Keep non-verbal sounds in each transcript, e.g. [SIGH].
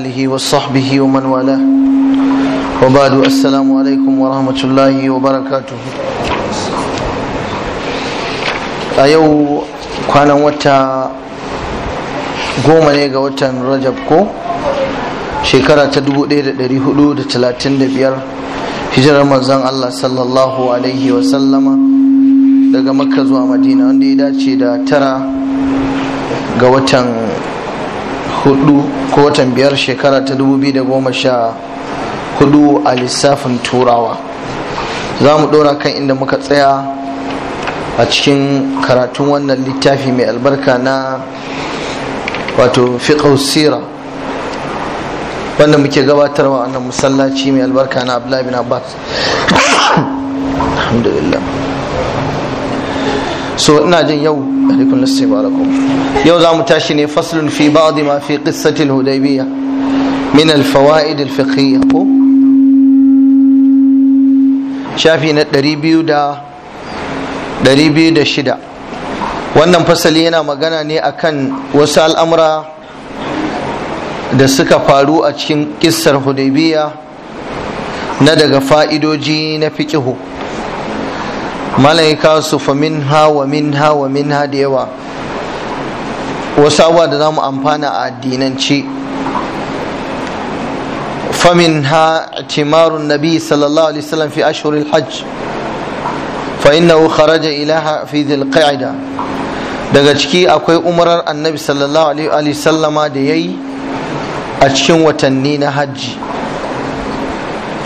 آله وصحبه ومن والاه وبعد السلام عليكم ورحمة الله وبركاته أيو كان وتا قوم ليغا وتا رجب كو shekara ta 1435 hijirar manzon Allah sallallahu alaihi wasallama daga makka zuwa madina wanda ya dace da tara ga watan hudu ko watan biyar shekara ta da goma sha 2014 a lissafin turawa za mu dora kan inda muka tsaya a cikin karatun wannan littafi mai albarka na wato fiqh sira wanda muke gabatarwa annan musallaci mai albarka na abdullahi bin abbas [COUGHS] alhamdulillah so ina jin yau lissai lassibarakum yau za mu tashi ne faslun fi ba'di ma fi qissati al-hudaybiyya min al-fawaid al-fiqhiyya ko shafi na da 206 wannan fasali yana magana ne akan wasu al'amura da suka faru a cikin kissar hudaybiyya na daga fa'idoji na fiqihu malaika su famin hawa min hawa min ha da yawa wasu abubuwa da za mu amfana a addinance فمنها اعتمار النبي صلى الله عليه وسلم في أشهر الحج فإنه خرج إليها في ذي القعدة daga ciki akwai umarar annabi sallallahu alaihi sallama da ya yi a cikin watanni na hajji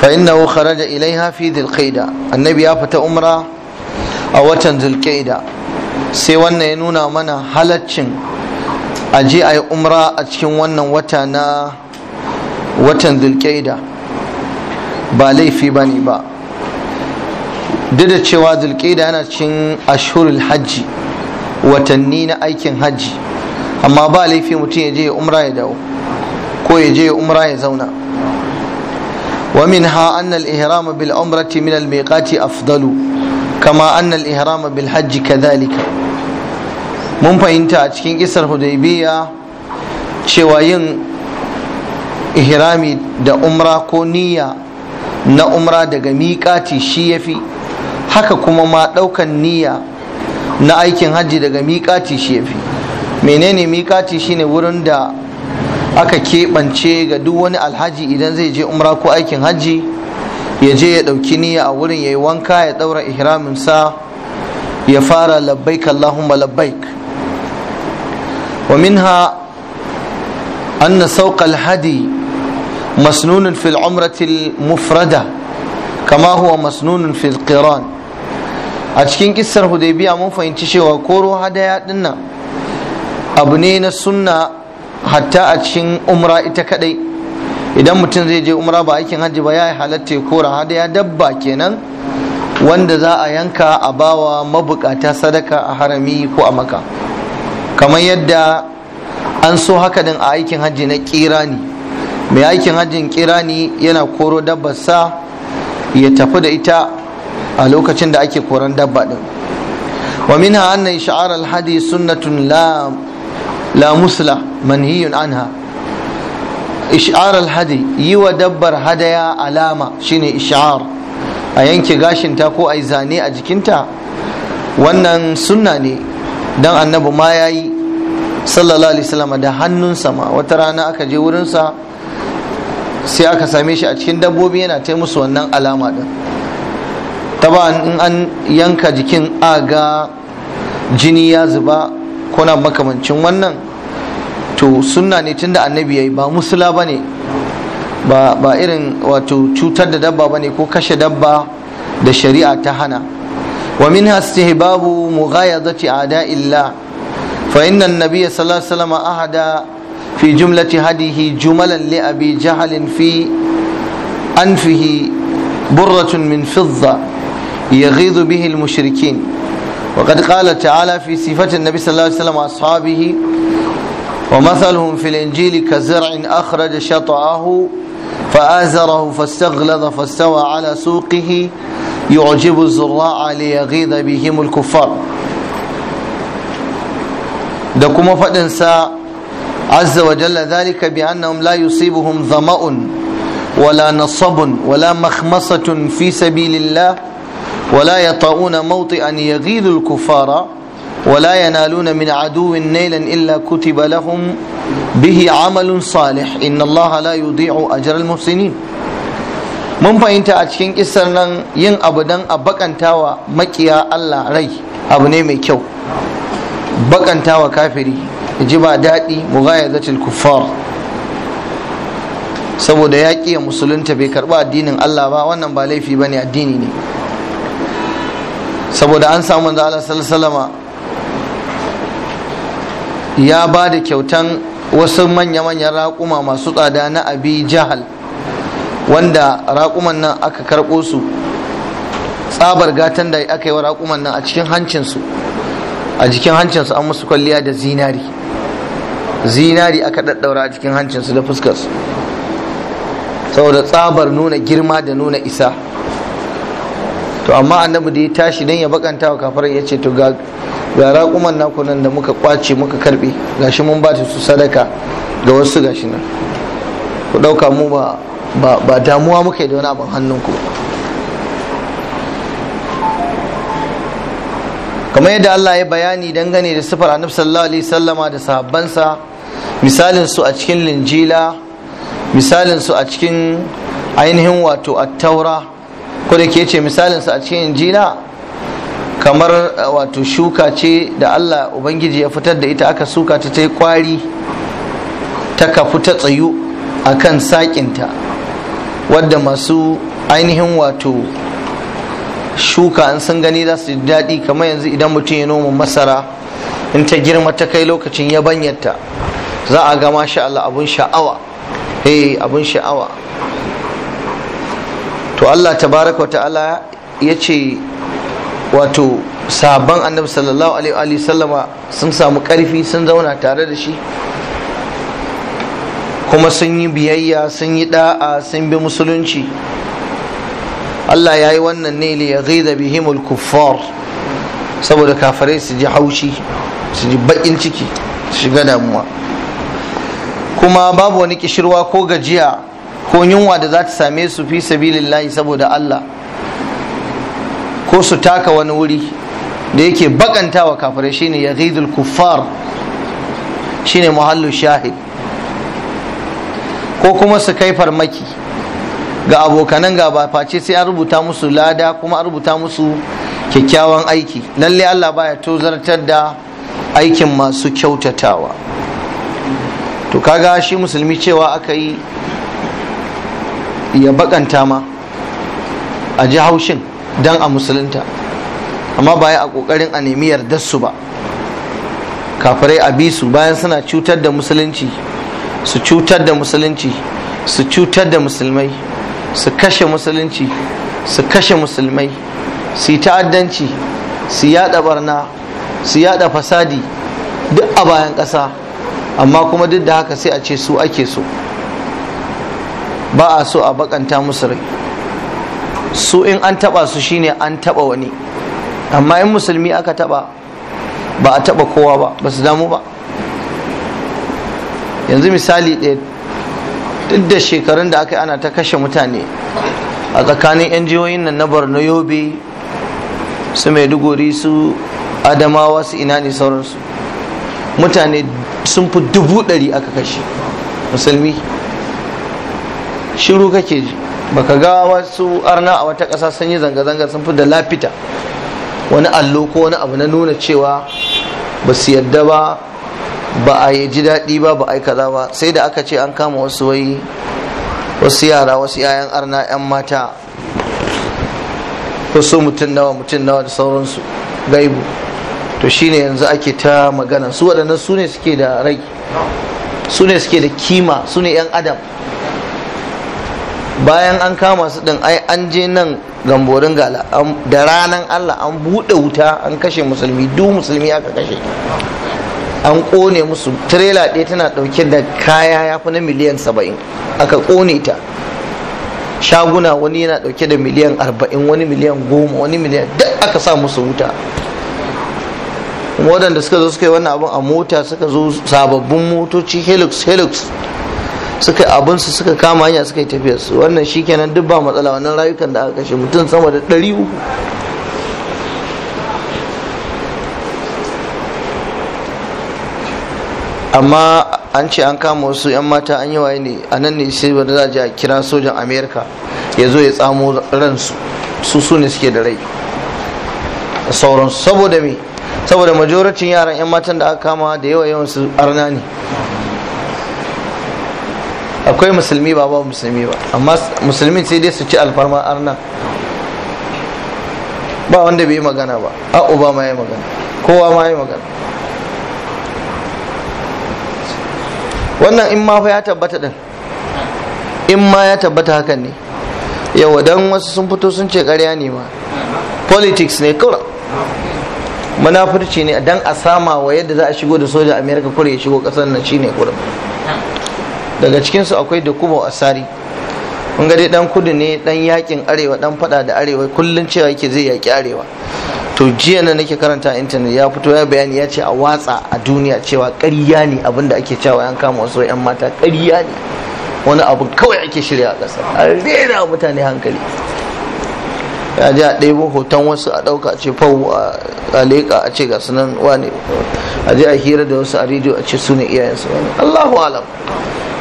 fa innahu kharaja ilaiha fi dhil annabi ya fita umra a watan zulkaida sai wannan ya nuna mana halaccin a je a yi umra a cikin wannan wata na watan zulkaida ba laifi ba ne ba duk da cewa zulkaida yana cin ashurul hajji watanni na aikin hajji amma ba laifi mutum ya je ya umra ya dawo ko ya je ya umra ya zauna ومنها أن الإهرام بالعمرة من الميقات أفضل kama annal ihrama bil hajji kadhalika mun fahimta a cikin isar hudaybiya cewa yin ihrami da umra ko niyya na umra daga miƙati shi yafi haka kuma ma ɗaukan niyya na aikin hajji daga miƙati shi yafi menene miƙati shine wurin da aka keɓance ga duk wani alhaji idan zai je umra ko aikin hajji ya je ya ɗauki niyya a wurin ya yi wanka ya ɗaura sa ya fara labbaik Allahumma labbaik wa minha anna sauƙa alhadi masnunun fil umratil mufrada kama huwa masnunun fil a cikin kissar hudaybiya mun fahimci cewa koro hadaya dinnan abu ne na sunna hatta a cikin umra ita kadai idan mutum zai je umra ba aikin hajji ba ya halatta kora hada ya dabba kenan wanda za a yanka a bawa mabukata sadaka a harami ko a maka kamar yadda an so haka din a aikin hajji na kirani mai aikin hajjin kirani yana koro dabbar sa ya tafi da ita a lokacin da ake koran dabba din wa minha anna isha'ar al-hadi sunnatun la la musla manhiyun anha ish'ar alhadi yi wa dabbar hadaya alama shine ish'ar a yanke gashinta ko a yi zane a jikinta wannan sunna ne don annabi ma ya yi sallallahu alaihi da hannunsa ma wata rana aka je wurinsa sai aka same shi a cikin dabbobi yana ta musu wannan alama din taban in an yanka jikin aga jini ya zuba ko na makamancin wannan to sunna ne tunda annabi yayi ba musula bane ba ba irin wato cutar da dabba bane ko kashe dabba da shari'a ta hana wa minha istihbabu mughayadati a'da'illah fa inna an-nabiy sallallahu alaihi wasallam ahada fi jumlati hadihi jumalan li abi jahl fi anfihi burratun min fidda يغيظ به mushrikin وقد قال تعالى في صفة النبي صلى الله عليه وسلم وأصحابه ومثلهم في الإنجيل كزرع أخرج شطأه فآزره فاستغلظ فاستوى على سوقه يعجب الزراع ليغيظ بهم الكفار دكما فدنسا عز وجل ذلك بأنهم لا يصيبهم ظمأ ولا نصب ولا مخمصة في سبيل الله ولا يطؤون موطئا يغيظ الكفار ولا ينالون من عدو نيلا إلا كتب لهم به عمل صالح إن الله لا يضيع أجر المحسنين mun fahimta a cikin kisar nan yin abu don a bakantawa makiya Allah rai abu ne mai kyau bakantawa kafiri ji ba daɗi mugaya zatil kuffar saboda ya ya musulunta bai karɓi addinin Allah ba wannan ba laifi ba ne addini ne saboda an samu manzo Allah sallallahu ya ba da kyautan wasu manya-manyan raƙuma masu tsada na abi jahal wanda raƙuman nan aka karɓo su tsabar gatan da aka yi wa raƙuman nan a cikin hancinsu a jikin hancinsu an musu kwalliya da zinari zinari aka ɗaɗɗaura a jikin hancinsu da fuskarsu saboda tsabar nuna girma da nuna isa to amma annabi da ya tashi dan ya bakanta wa kafar ya ce to ga raƙuman naku nan da muka kwace muka karbe gashi mun ba su sadaka ga wasu gashi nan ku ɗauka mu ba ba damuwa muka yi da wani abin hannunku kamar yadda Allah ya bayani dangane da sifar annab sallallahu alaihi sallama da sahabbansa misalin su a cikin linjila misalin su a cikin ainihin wato attaura ko da ke ce misalinsa a cikin injila kamar eh, wato shuka ce da Allah Ubangiji ya fitar da ita aka suka ta yi kwari ta kafu ta tsayu a kan ta. wadda masu ainihin wato shuka an sun gani za su ji daɗi kamar yanzu idan mutum ya noma masara in ta girma ta kai lokacin yabanyarta za a ga masha Allah abun eh, abun sha'awa to Allah Wa ta'ala ya ce wato sabon annabi sallallahu alaihi sallama sun samu karfi sun zauna tare da shi kuma sun yi biyayya sun yi da'a sun bi musulunci Allah ya yi wannan ne ya zai da bihimul kuffar saboda kafare su ji haushi su ji bakin ciki su shiga damuwa kuma babu wani kishirwa ko gajiya ko yunwa da za ta same su fi sabilillahi saboda Allah ko su taka wani wuri da yake wa kafirai shine yaghidul kuffar shine muhallu shahid ko kuma su kai farmaki ga abokanan gaba face sai an rubuta musu lada kuma an rubuta musu kyakkyawan aiki lalle Allah baya tozartar da aikin masu kyautatawa to kaga shi musulmi cewa aka yi ya bakanta ma a ji haushin don a musulunta amma ba a kokarin a nemi yardar su ba kafirai a bi su bayan suna cutar da musulunci su cutar da musulunci su cutar da musulmai su kashe musulunci su kashe musulmai su yi ta'addanci su yada barna su yada fasadi duk a bayan ƙasa amma kuma duk da haka sai a ce su ake so ba a so a bakanta musu rai su in an taba su shine an taba wani amma in musulmi aka taba ba a taba kowa ba ba su damu ba yanzu misali ɗaya duk da shekarun da aka ana ta kashe mutane a tsakanin yan jihohin nan na borno yobe su maiduguri su adamawa su ina ne sauransu mutane sun fi dubu ɗari aka kashe musulmi shiru kake ji baka ga wasu arna a wata ƙasa sun yi zanga-zanga sun fi da lafita wani allo ko wani abu na nuna cewa ba su yadda ba ba a yi ji daɗi ba ba a yi kaza ba sai da aka ce an kama wasu wai wasu yara wasu 'ya'yan arna 'yan mata wasu mutum nawa mutum nawa da sauransu gaibu to shine yanzu ake ta magana su waɗannan su ne suke da rai su ne suke da kima su ne 'yan adam bayan an kama su din ai an je nan gamborin gala da ranan Allah an buɗe wuta an kashe musulmi duk musulmi aka kashe an ƙone musu trailer ɗaya tana ɗauke da kaya ya fi na miliyan saba'in aka ƙone ta shaguna wani yana ɗauke da miliyan arba'in wani miliyan goma wani miliyan duk aka sa musu wuta waɗanda suka zo suka yi wannan abin a mota suka zo sababbin motoci helix helix suka abin su suka kama hanya suka yi tafiyar su wannan shikenan duk ba matsala wannan rayukan da aka kashe mutum sama da ɗari uku amma an ce an kama wasu 'yan mata an yi waye ne a nan ne sai wanda za je a kira sojan amerika ya zo ya tsamo ransu su su ne suke da rai sauransu saboda me saboda majoracin yaran 'yan matan da aka kama da yawa yawan su arna ne akwai musulmi ba ba musulmi ba amma musulmin sai dai su ci alfarma arna ba wanda bai yi magana ba a uba ma yi magana kowa ma yi magana wannan in ma fa ya tabbata din in ma ya tabbata hakan ne yawa dan wasu sun fito sun ce ƙarya ne ma politics ne kura munafurci ne dan a sama wa yadda za a shigo da soja america kura ya shigo ƙasar nan shine kura daga cikinsu akwai da kubo asari mun ga dai dan kudu ne dan yakin arewa dan fada da arewa kullun cewa yake zai yaki arewa to jiya na nake karanta a intanet ya fito ya bayani ya ce a watsa a duniya cewa ƙarya ne abin da ake cewa 'yan kama wasu 'yan mata ƙarya ne wani abu kawai ake shirya a ƙasa a rera mutane hankali ya ji a ɗebo hoton wasu a ɗauka a ce fau a leƙa a ce ga sunan wane a ji a hira da wasu a rediyo a ce su ne iyayensu wani allahu alam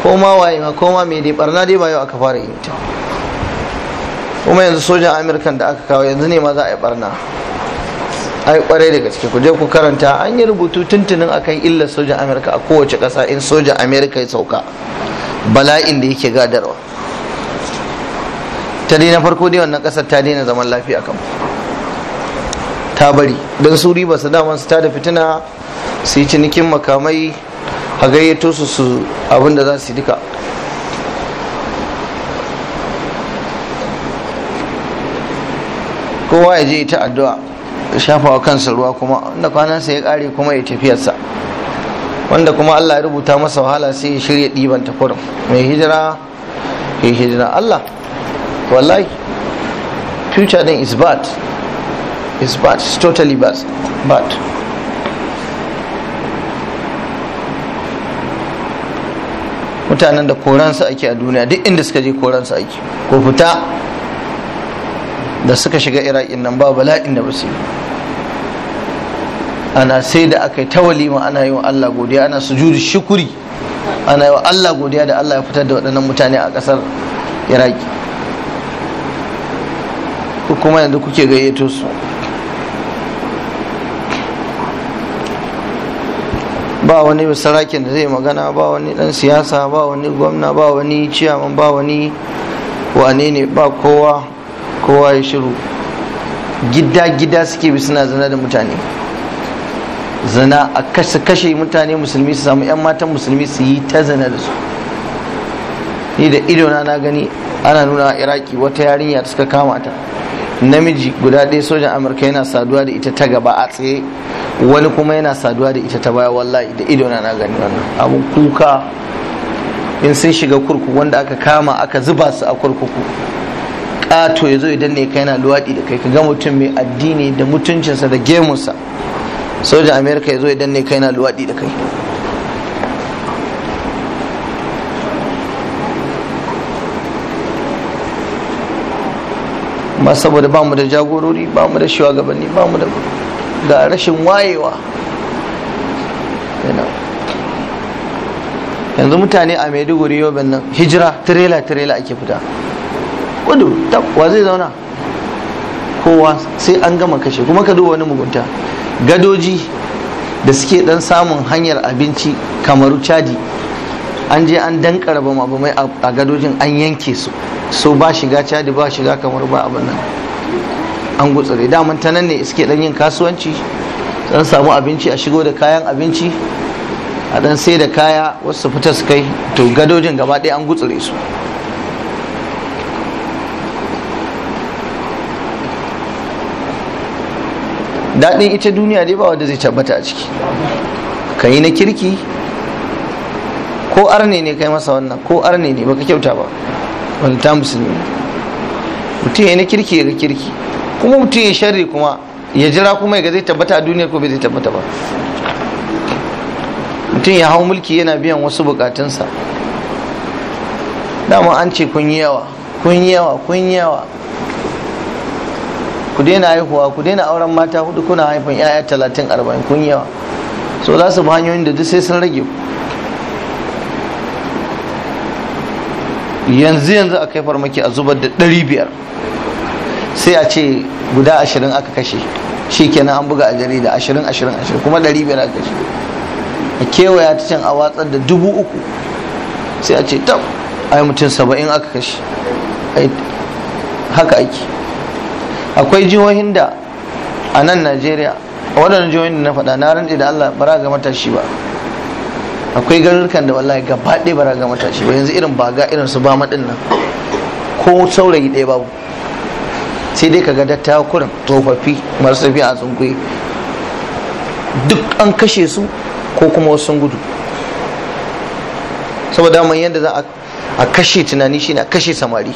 ko ma waye ma ko ma me dai barna dai ba yau aka fara yi ta kuma yanzu sojan amurkan da aka kawo yanzu ne ma za a yi barna ai kwarai da gaske ku je ku karanta an yi rubutu tuntunin akan illar sojan amurka a kowace kasa in sojan amurka ya sauka bala'in da yake gadarwa ta na farko dai wannan kasar ta daina zaman lafiya kan ta bari don su riba su daman su ta da fitina su yi cinikin makamai a gayyato su su abinda za su duka kowa ya je ta addu'a shafawa kansa ruwa kuma wanda kwanansa ya kare kuma ya tafiyarsa wanda kuma Allah ya rubuta masa wahala sai ya shirya ɗiban ta kurin mai hijira ya hijira Allah wallahi future din is bad is bad totally bad bad mutanen da koransu ake a duniya duk inda suka je koransu ake ko fita da suka shiga iraki nan ba bala'in da ba su ana sai da aka yi ta walima ana yi wa Allah godiya ana sujudu shukuri ana yi wa Allah godiya da Allah ya fitar da waɗannan mutane a ƙasar iraki kuma yanzu kuke gayyato su ba wani sarakin da zai magana ba wani dan siyasa ba wani gwamna ba wani ciyaman ba wani wane ne ba kowa kowa ya shiru gida gida suke bi suna zana da mutane zana a kashe mutane musulmi su samu 'yan matan musulmi su yi ta zana da su ni da idona na gani ana nuna a iraki wata yarinya ta suka kama ta namiji guda ɗaya sojan amurka yana saduwa da ita ta gaba a tsaye wani kuma yana saduwa da ita ta baya wallahi da ido na gani wannan abun kuka in sun shiga kurkuku wanda aka kama aka zuba su a kurkuku ƙato ya zo ya ne kai yana luwaɗi da kai ka ga mutum mai addini da mutuncinsa da gemunsa sojan amerika ya zo ya ne kai yana luwaɗi da kai ba saboda ba mu da jagorori ba mu da shugabanni ba mu da ga rashin wayewa yanzu mutane a maiduguri yobin nan hijira tirela tirela ake fita kudu wa zai zauna kowa sai an gama kashe kuma ka duba wani mugunta gadoji da suke dan samun hanyar abinci kamaru chadi an je an dan karaba mabamai a gadojin an yanke su so ba shiga chadi ba shiga kamar ba abin nan an gutsure daman ta nan ne suke dan yin kasuwanci dan samu abinci a shigo da kayan abinci a dan sai da kaya wasu fita su kai to gadojin gaba ɗaya an gutsure su daɗin ita duniya ne ba wanda zai tabbata a ciki ka yi na kirki ko arne ne kai masa wannan ko arne ne baka kyauta ba wani ta musulmi mutum ya yi na kirki ya ga kirki kuma mutum ya shari kuma ya jira kuma ya zai tabbata a duniya ko bai zai tabbata ba mutum ya hau mulki yana biyan wasu bukatunsa dama an ce kun yi yawa kun yi yawa kun yi yawa ku daina haihuwa ku daina auren mata hudu kuna haifin 'ya'ya talatin arba'in kun yi yawa so za su bi hanyoyin da duk sai sun rage yanzu yanzu a kai farmaki a zubar da ɗari biyar sai a ce guda ashirin aka kashe shi kenan an buga a jarida ashirin ashirin ashirin kuma ɗari biyar aka kashe a kewaya ta can a watsar da dubu uku sai a ce tab yi mutum saba'in aka kashe haka ake akwai jihohin da a nan najeriya a waɗannan jihohin da na faɗa na rantse da allah bara ga matashi ba akwai garurkan da wallahi gaba ɗaya bara ga matashi ba yanzu irin baga irin su ba maɗin nan ko saurayi ɗaya babu sai dai kaga dattawa kurin tsofaffi masu tafiya a tsunkuyi duk an kashe su ko kuma wasu sun gudu saboda mai yadda za a kashe tunani shine a kashe samari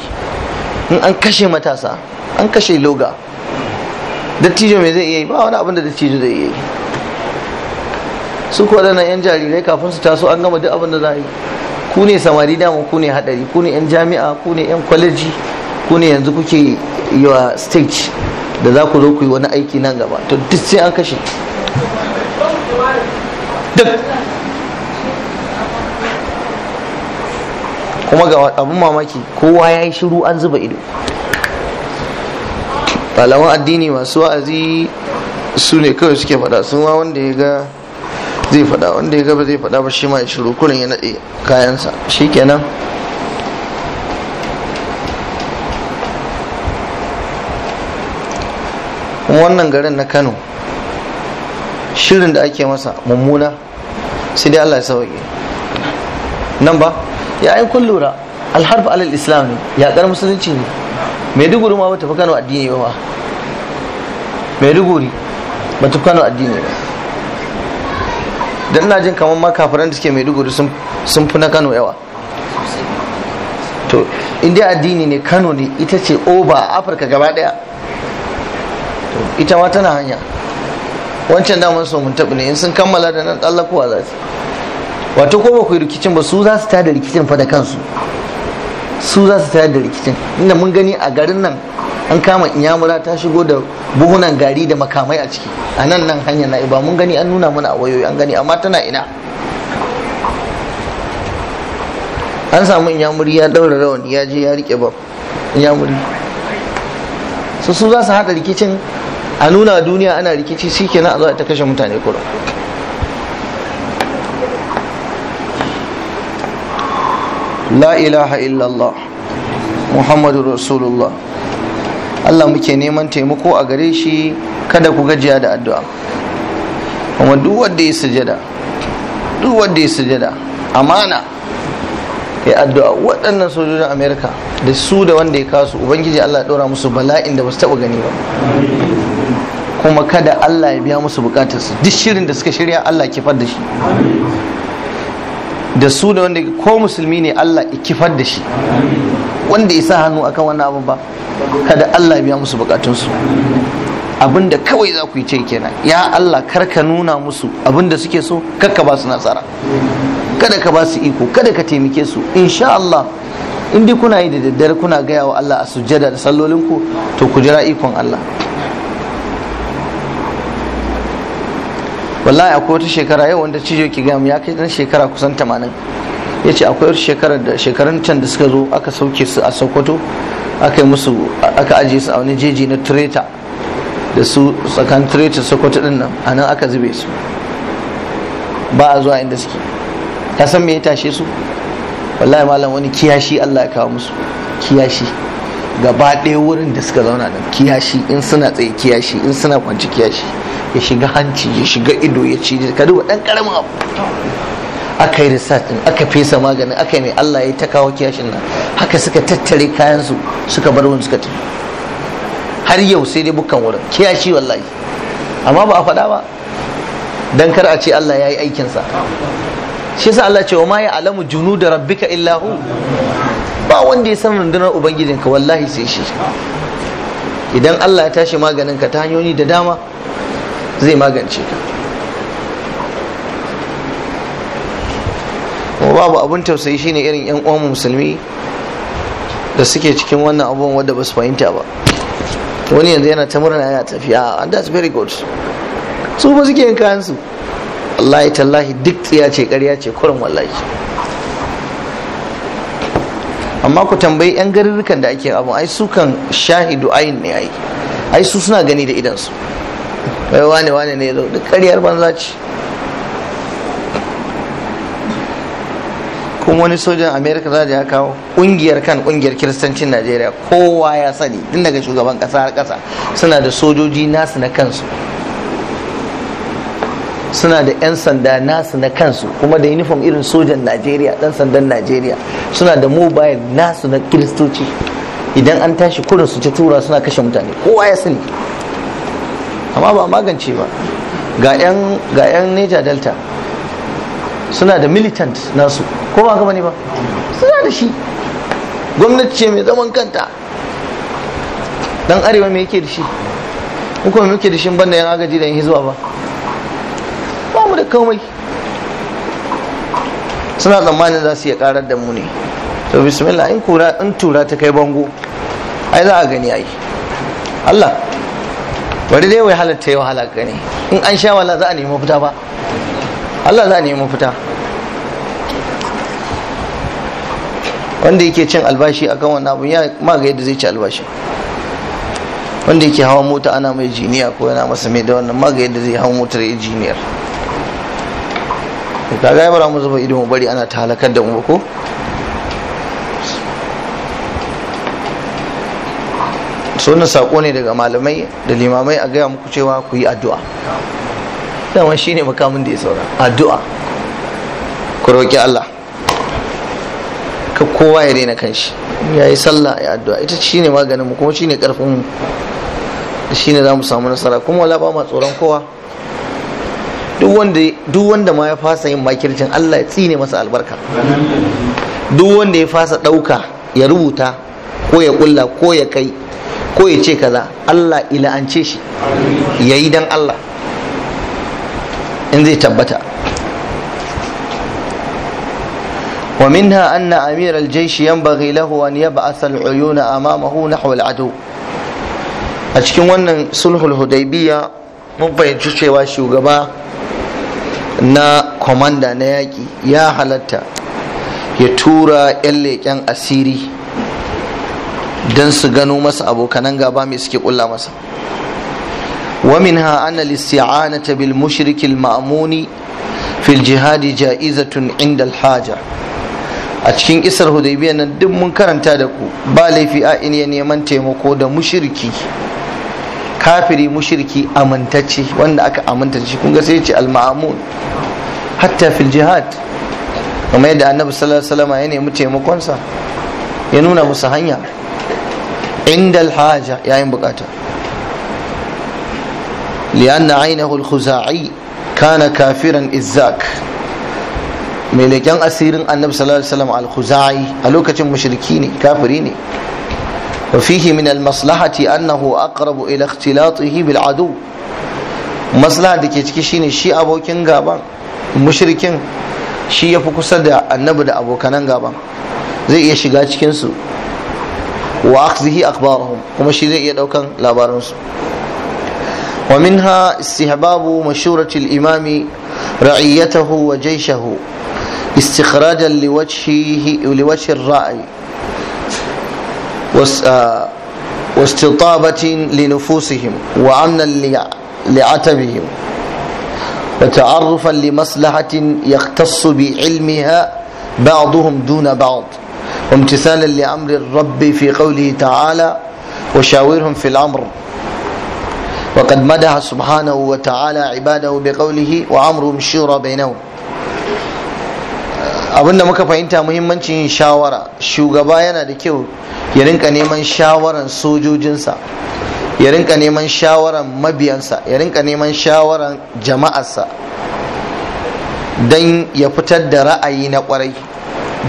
in an kashe matasa an kashe loga dattijo mai zai iya yi ba wani abin da dattijo zai iya yi su kuwa da yan jarirai kafin su taso an gama duk abin da za a yi ku ne samari dama ku ne hadari ku ne yan jami'a ku ne yan kwaleji ku ne yanzu kuke yi wa stage da za ku zo ku yi wani aiki nan gaba to duk sai an kashe duk kuma ga abin mamaki kowa ya yi shiru an zuba ido malaman addini masu wa'azi su ne kawai suke faɗa sun ma wanda ya ga zai faɗa wanda ya ga ba zai faɗa ba shi ma ya shiru kurin ya naɗe kayansa shikenan kuma wannan garin na kano shirin da ake masa mummuna sai dai allah ya sauke nan ba ya yi kun lura alharf alal islam ne yaƙar musulunci ne maiduguri ma bata fi kano addini ba maiduguri bata fi kano addini ba don ina jin kamar ma kafiran da suke maiduguri sun fi na kano yawa to inda addini ne kano ne ita ce oba a afirka gaba daya ita ma tana hanya wancan daman so mun taɓa ne in sun kammala da nan tsallakowa za su wato ko ba ku rikicin ba su za su tada rikicin fa da kansu su za su tayar da rikicin inda mun gani a garin nan an kama inyamura ta shigo da buhunan gari da makamai a ciki a nan nan na iba mun gani an nuna mana a wayoyi an gani amma tana ina an samu inyamuri ya daura rawan ya je ya rike ba inyamuri su su za su hada rikicin a nuna duniya ana rikici shi kenan a zo ta kashe mutane kura la ilaha illallah muhammadu rasulullah Allah muke neman taimako a gare shi kada ku gajiya da addu'a kuma duk wanda ya sujada duk wanda ya sujada amana ya addu'a waɗannan sojojin amerika da su da wanda ya kasu ubangiji allah ɗora musu bala'in da ba su taɓa gani ba kuma kada allah ya biya musu bukatarsu duk shirin da suka shirya allah kifar da shi da su da wanda ko musulmi ne allah ya kifar da shi wanda ya sa hannu akan wannan abu ba kada allah ya biya musu bukatunsu abinda kawai za ku yi ce kenan ya allah kar ka nuna musu abinda suke so ka ba su nasara kada ka ba su iko kada ka taimake su insha Allah in dai kuna yi da daddare kuna gaya wa Allah a sujjada da sallolin ku to ku jira ikon Allah wallahi akwai wata shekara yau wanda cijo ki gamu ya kai dan shekara kusan 80 ya akwai wata shekarar da shekarun can da suka zo aka sauke su a sokoto aka yi musu aka aje su a wani jeji na treta da su tsakan treta sokoto din nan a nan aka zube su ba a zuwa inda suke ta san me ya tashe su wallahi malam wani kiyashi Allah ya kawo musu kiyashi gaba ɗaya wurin da suka zauna da kiyashi in suna tsaye kiyashi in suna kwanci kiyashi ya shiga hanci ya shiga ido ya ci ka duba ɗan ƙaramin abu aka yi research ɗin aka fesa maganin aka yi mai Allah ya ta kawo kiyashin nan haka suka tattare kayan su suka bar wani suka tafi har yau sai dai bukan wurin kiyashi wallahi amma ba a faɗa ba dan kar a ce Allah ya yi aikinsa shi sa Allah ce wa ma ya alamu da rabbika illa hu ba wanda ya san rundunar ubangijinka wallahi sai shi idan Allah ya tashi maganin ka ta hanyoyi da dama zai magance ka kuma babu abun tausayi shine irin yan uwan musulmi da suke cikin wannan abubuwan wadda ba su fahimta ba wani yanzu yana ta murna yana tafiya and ah, that's very good su ba suke yin kayan su wallahi tallahi duk tsiya ce ƙarya ce kurin wallahi amma ku tambayi 'yan garirrukan da ake abu ai su kan shahidu ayin ne ai ai su suna gani da idansu bai wane wane ne zo duk ƙaryar banza ce kun wani sojan amerika za ya kawo ƙungiyar kan ƙungiyar kiristancin najeriya kowa ya sani tun daga shugaban ƙasa har ƙasa suna da sojoji nasu na kansu suna da 'yan sanda nasu na kansu kuma da uniform irin sojan najeriya dan sandan najeriya suna da mobile nasu na kiristoci idan an tashi kurin su ta tura suna kashe mutane kowa ya sani amma ba magance ba ga 'yan neja delta suna da militant nasu ko ba gaba ne ba suna da shi gwamnati ce mai zaman kanta dan arewa me yake da shi me muke da shi ban da yan agaji da yan hizuwa ba komai suna tsammanin za su iya karar da mu ne to bismillah in kura in tura ta kai bango ai za a gani ai Allah bari dai wai halatta yau halaka gani in an sha wala za a nemi fita ba Allah za a nemi fita wanda yake cin albashi akan wannan abun ya ma ga yadda zai ci albashi wanda yake hawa mota ana mai jiniya ko yana masa mai da wannan ma ga yadda zai hawa motar ya jiniyar Da kaga ya bara mu zuba ido mu bari ana ta halakar da mu ko sunna sako ne daga malamai da limamai a gaya muku cewa ku yi addu'a dama shi ne makamin da ya saura addu'a ku roƙi Allah ka kowa ya daina kanshi ya yi sallah ya addu'a ita shi ne maganin mu kuma shi ne ƙarfin mu shi ne za mu samu nasara kuma wala ba ma tsoron kowa duk wanda ma ya fasa yin makircin Allah ya tsine masa albarka duk wanda ya fasa ɗauka ya rubuta ko ya ƙulla ko ya kai ko ya ce kaza Allah ila'ance shi ya yi don Allah in zai tabbata Wa ومنها أن أمير lahu ينبغي له أن يبعث العيون أمامه نحو ado. a cikin wannan sulhul hudaybiya mun cewa shugaba na komanda na yaƙi ya halatta ya tura 'yan leƙen asiri don su gano masa abokanan gaba mai suke ƙulla masa ومنها أن الاستعانة بالمشرك ma'amuni fil jihadi ja'izatun Ja'izatun alhaja a cikin isar hudaybiya nan duk mun karanta da ku ba laifi a ya neman taimako da mushiriki. kafiri mushirki amintacce wanda aka aminta shi kun ga sai ce al-ma'mun hatta fil jihad kuma yadda annabi sallallahu alaihi wasallam ya nemi sa, ya nuna musu hanya inda al-haja yayin bukata li'anna aynahu al-khuzai kana kafiran izzak mai leken asirin annabi sallallahu alaihi wasallam al-khuzai a lokacin mushriki ne kafiri ne وفيه من المصلحة أنه أقرب إلى اختلاطه بالعدو مصلحة دكي تكشيني شي أبو كنغابا مشركين shi ya fi kusa da annabi da abokanan gaban zai iya shiga cikinsu wa akhzihi akhbarahum kuma shi zai iya daukan labaransu wa minha istihbabu mashuratil al-imami ra'iyatahu wa jayshahu istikhrajan liwajhihi liwajhi ar-ra'i آه، واستطابة لنفوسهم وأمنا لعتبهم وتعرفا لمصلحة يختص بعلمها بعضهم دون بعض وامتثالا لأمر الرب في قوله تعالى وشاورهم في الأمر وقد مدح سبحانه وتعالى عباده بقوله وأمرهم شورى بينهم abinda muka fahimta muhimmancin yin shawara shugaba yana da kyau ya rinka neman shawaran sojojinsa ya rinka neman shawaran mabiyansa ya rinka neman shawaran jama'arsa don ya fitar da ra'ayi na kwarai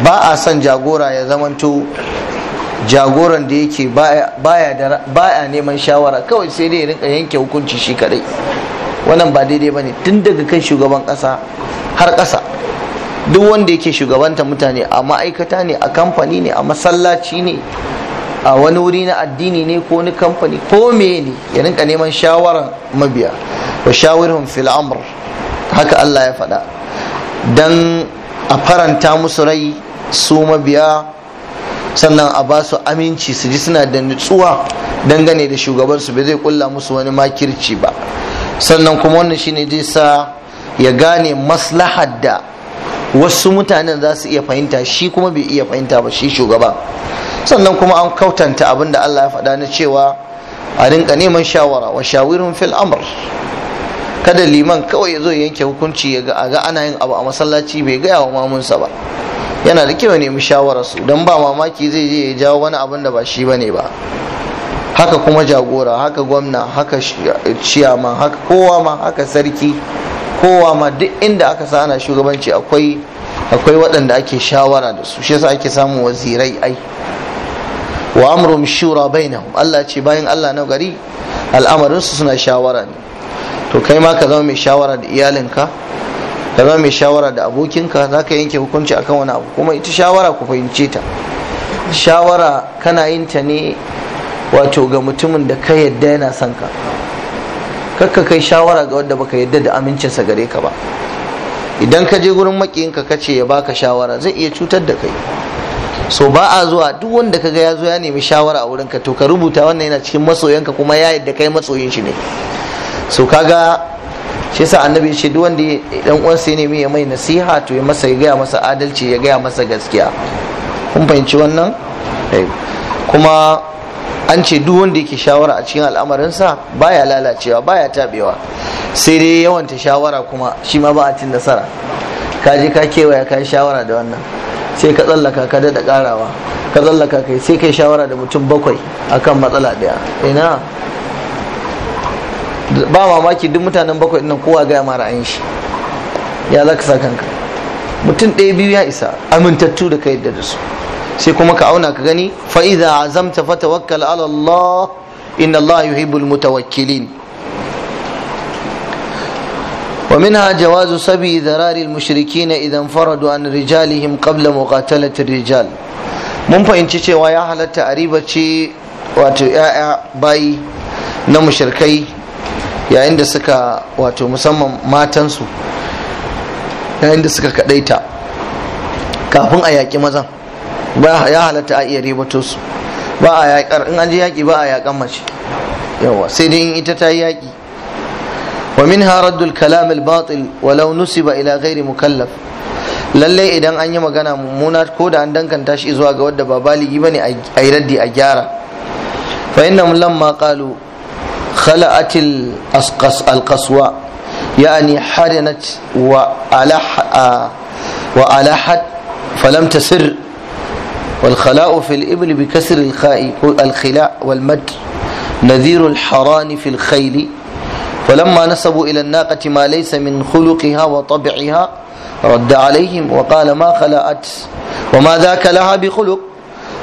ba a son jagora ya zamanto jagoran da yake baya neman shawara kawai sai dai ya rinka yanke hukunci shi kadai wannan ba daidai ba ne tun daga kan shugaban kasa har kasa duk wanda yake shugabanta mutane a ma'aikata ne a kamfani ne a masallaci ne a wani wuri na addini ne ko wani kamfani ko meye ne ya rinka neman shawaran mabiya wa shawirhum fil amr haka Allah ya faɗa dan a faranta musu rai su mabiya sannan a ba su aminci su ji suna da nutsuwa dangane da shugabansu ba zai kulla musu wani makirci ba sannan kuma wannan shine zai sa ya gane maslahar da wasu mutanen za su iya fahimta shi kuma bai iya fahimta ba shi shugaba sannan kuma an kautanta abin da Allah ya faɗa na cewa a rinka neman shawara wa shawirin fil amr kada liman kawai ya zo yanke hukunci ya ga aga ana yin abu a masallaci bai gaya wa mamunsa ba yana da kyau ya nemi shawararsu don ba mamaki zai je ya jawo wani abin da ba shi bane ba haka kuma jagora haka gwamna haka eh, ciyama haka kowa ma haka sarki kowa ma duk inda aka sa ana shugabanci akwai akwai waɗanda ake shawara da su shi yasa ake samun wazirai ai wa amrum shura bainahum Allah ce bayan Allah na gari al'amarin su suna shawara ne to kai ma ka zama mai shawara da iyalinka ka zama mai shawara da abokinka za ka yanke hukunci akan wani abu kuma ita shawara ku fahimce ta shawara kana yin ta ne wato ga mutumin da ka yadda yana son ka kakka kai shawara ga wanda baka yadda da amincin sa gare ka ba idan ka je gurin makiyinka ka ce ya baka shawara zai iya cutar da kai so ba a zuwa duk wanda ka ga ya zo ya nemi shawara a wurin ka to ka rubuta wannan yana cikin ka kuma ya yadda kai matsoyin shi ne so kaga shi yasa annabi ce duk wanda dan uwan sai nemi ya mai nasiha to ya masa ya gaya masa adalci ya gaya masa gaskiya kun fahimci wannan eh. kuma an ce duk wanda yake shawara a cikin al'amarinsa baya lalacewa baya tabewa sai dai yawan ta shawara kuma shi ma ba a cin nasara ka je ka kewaya ka yi shawara da wannan sai ka tsallaka ka daɗa ƙarawa ka tsallaka kai sai ka yi shawara da mutum bakwai akan matsala ɗaya ina ba mamaki duk mutanen bakwai nan kowa gaya ma ra'ayin shi ya za ka sa kanka mutum ɗaya biyu ya isa amintattu da ka yadda da su sai kuma ka auna ka gani fa idza azamta fatawakkal ala Allah inna Allah yuhibbul mutawakkilin ومنها جواز سبي ذرار المشركين idan faradu an رجالهم qabla مقاتلة Rijal. mun fahimci cewa ya halatta a ribace wato ya'ya bayi na mushrikai yayin da suka wato musamman matansu yayin da suka kadaita kafin a yaƙi mazan ba ya halatta a iya ribato su ba a yaƙar in an ji yaƙi ba a yaƙan mace yawa sai dai in ita ta yi yaƙi wa min raddul kalam al-batil law nusiba ila ghairi mukallaf lalle idan an yi magana mummuna ko da an dankanta shi zuwa ga wadda ba baligi bane a yi raddi a gyara fa innahum lamma qalu yani wa wa يعني حرنت had falam tasir wal khala'u fil ibli bi kasr al kha'i al khila wal mad nadhir al harani fil khayl فلما نسبوا إلى الناقة ما ليس من خلقها وطبعها رد عليهم وقال ما خلأت وما ذاك لها بخلق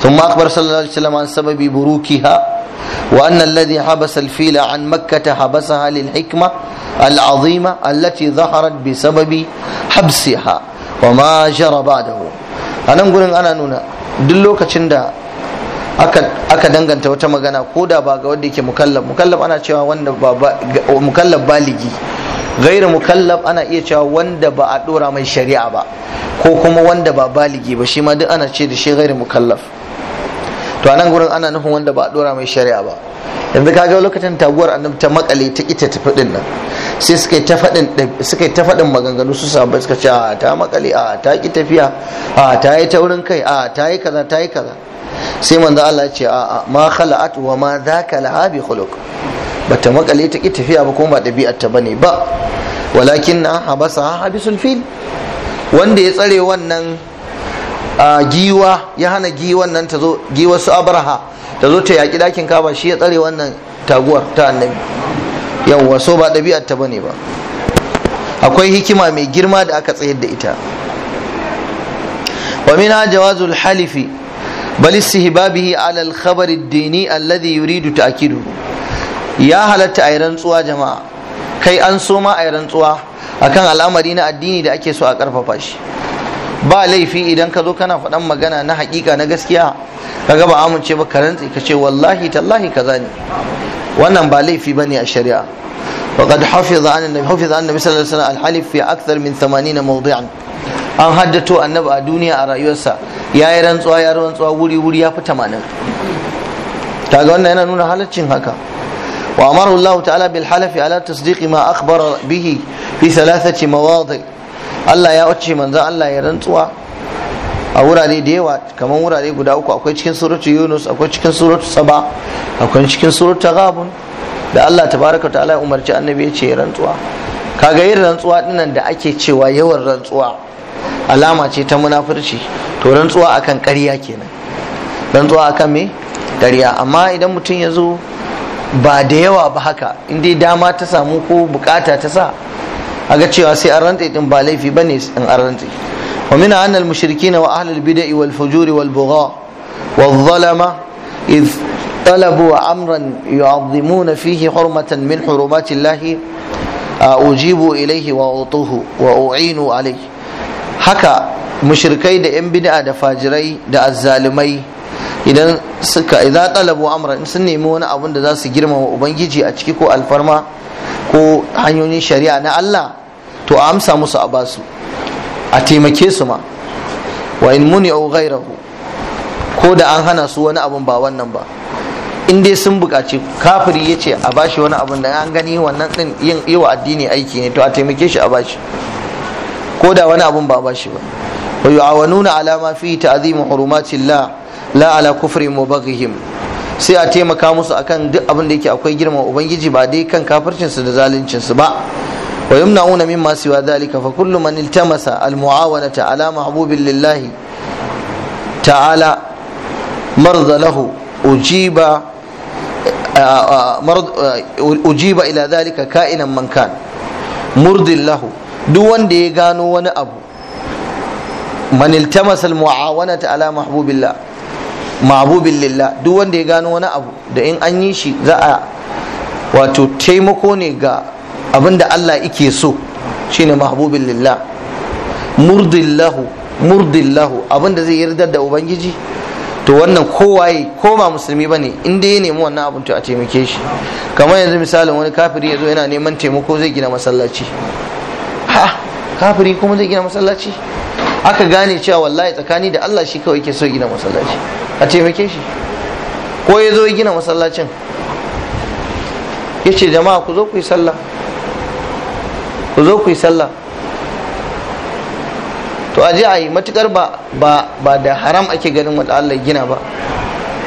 ثم أخبر صلى الله عليه وسلم عن سبب بروكها وأن الذي حبس الفيل عن مكة حبسها للحكمة العظيمة التي ظهرت بسبب حبسها وما جرى بعده أنا نقول أنا نونا duk lokacin da aka danganta wata magana ko da ba ga wanda yake mukallab mukallab ana cewa wanda ba mukallab baligi gairu mukallab ana iya cewa wanda ba a dora mai shari'a ba ko kuma wanda ba baligi ba shi ma duk ana ce da shi gairu mukallaf to anan gurin ana nufin wanda ba a dora mai shari'a ba yanzu kaga lokacin taguwar annabta ta makale ta ita tafi din nan sai suka yi ta faɗin maganganu su sabai suka ce a ta makale a ta ki tafiya a ta yi taurin kai a ta yi kaza ta yi kaza sai manzo Allah ce a ma khala'at wa ma dhaka laha bi khuluq bata makale ta ki tafiya ba kuma ba dabi'ar ta bane ba walakin na habasa habisul fil wanda ya tsare wannan giwa ya hana giwan nan ta zo giwar su abraha ta zo ta yaki dakin kaba shi ya tsare wannan taguwar ta annabi yawwa so ba ɗabi'ar ta bane ba akwai hikima mai girma da aka tsayar da ita wa mina jawazul halifi bal istihbabihi ala al khabar ad dini alladhi yuridu ta'kidu ya halatta a rantsuwa jama'a kai an so ma a rantsuwa akan al'amari na addini da ake so a ƙarfafa shi ba laifi idan ka zo kana faɗan magana na haƙiƙa na gaskiya kaga ba amince ba ka rantsi ka ce wallahi tallahi kaza ne wannan ba laifi ba ne a shari'a وقد حفظ عن النبي حفظ عن النبي صلى الله عليه وسلم الحلف في أكثر من 80 موضعا an haddato annabi a duniya a rayuwarsa ya yi rantsuwa ya rantsuwa wuri wuri ya fi tamanin ga wannan yana nuna halaccin haka wa amara Allah ta'ala bil halafi ala tasdiqi ma akhbara bihi fi thalathati mawadi Allah ya wuce manzon Allah ya rantsuwa a wurare da yawa kamar wurare guda uku akwai cikin suratu yunus akwai cikin suratu saba akwai cikin suratu gabun da Allah tabaraka ta'ala ya umarci annabi ya ce rantsuwa kaga yin rantsuwa dinnan da ake cewa yawan rantsuwa alama ce ta munafurci to rantsuwa akan karya kenan rantsuwa akan me ƙarya amma idan mutum ya zo ba da yawa ba haka in dai dama ta samu ko bukata ta sa a ga cewa sai an rantse din ba laifi ba ne in an rantse ومنها أن المشركين وأهل البدع والفجور والبغاء والظلمة إذ طلبوا أمرا يعظمون فيه حرمة من حرمات الله أجيبوا إليه وأعطوه وأعينوا عليه haka mushrikai da 'yan bid'a da fajirai da azzalumai idan suka idza talabu amran sun nemi wani abun da za su girmama ubangiji a ciki ko alfarma ko hanyoyin shari'a na Allah to amsa musu a basu a taimake su ma wa in muni au ghairahu ko da an hana su wani abun ba wannan ba in dai sun buƙaci kafiri ya ce a bashi wani abun da an gani wannan din yin yi wa addini aiki ne to a taimake shi a bashi ko da wani abun ba bashi ba wa yu'awanuna ala ma fi ta'zimu hurumatillah la ala kufri mubaghihim sai a taimaka musu akan duk abin da yake akwai girman ubangiji ba dai kan kafircin su da zaluncin su ba wa yumna una min masu wa fa kullum an iltamasa almu'awanata alama abubin lillahi ujiba ila dalika ka'inan mankan murdin lahu ya gano wani alama abubin lillahi ma'abubin da in an yi shi za wato taimako ne ga abinda Allah yake so shine mahbubin lillah murdillahu murdillahu abinda zai yarda da ubangiji to wannan kowaye ko ba musulmi ba ne, inda ya nemi wannan abin to a taimake shi kamar yanzu misalin wani kafiri ya zo yana neman taimako zai gina masallaci ha kafiri kuma zai gina masallaci aka gane cewa wallahi tsakani da Allah shi kawai yake so gina masallaci a taimake shi ko ya zo gina masallacin ya ce jama'a ku zo ku yi sallah ku zo ku yi sallah to a ji a yi matukar ba ba da haram ake ganin wata Allah gina ba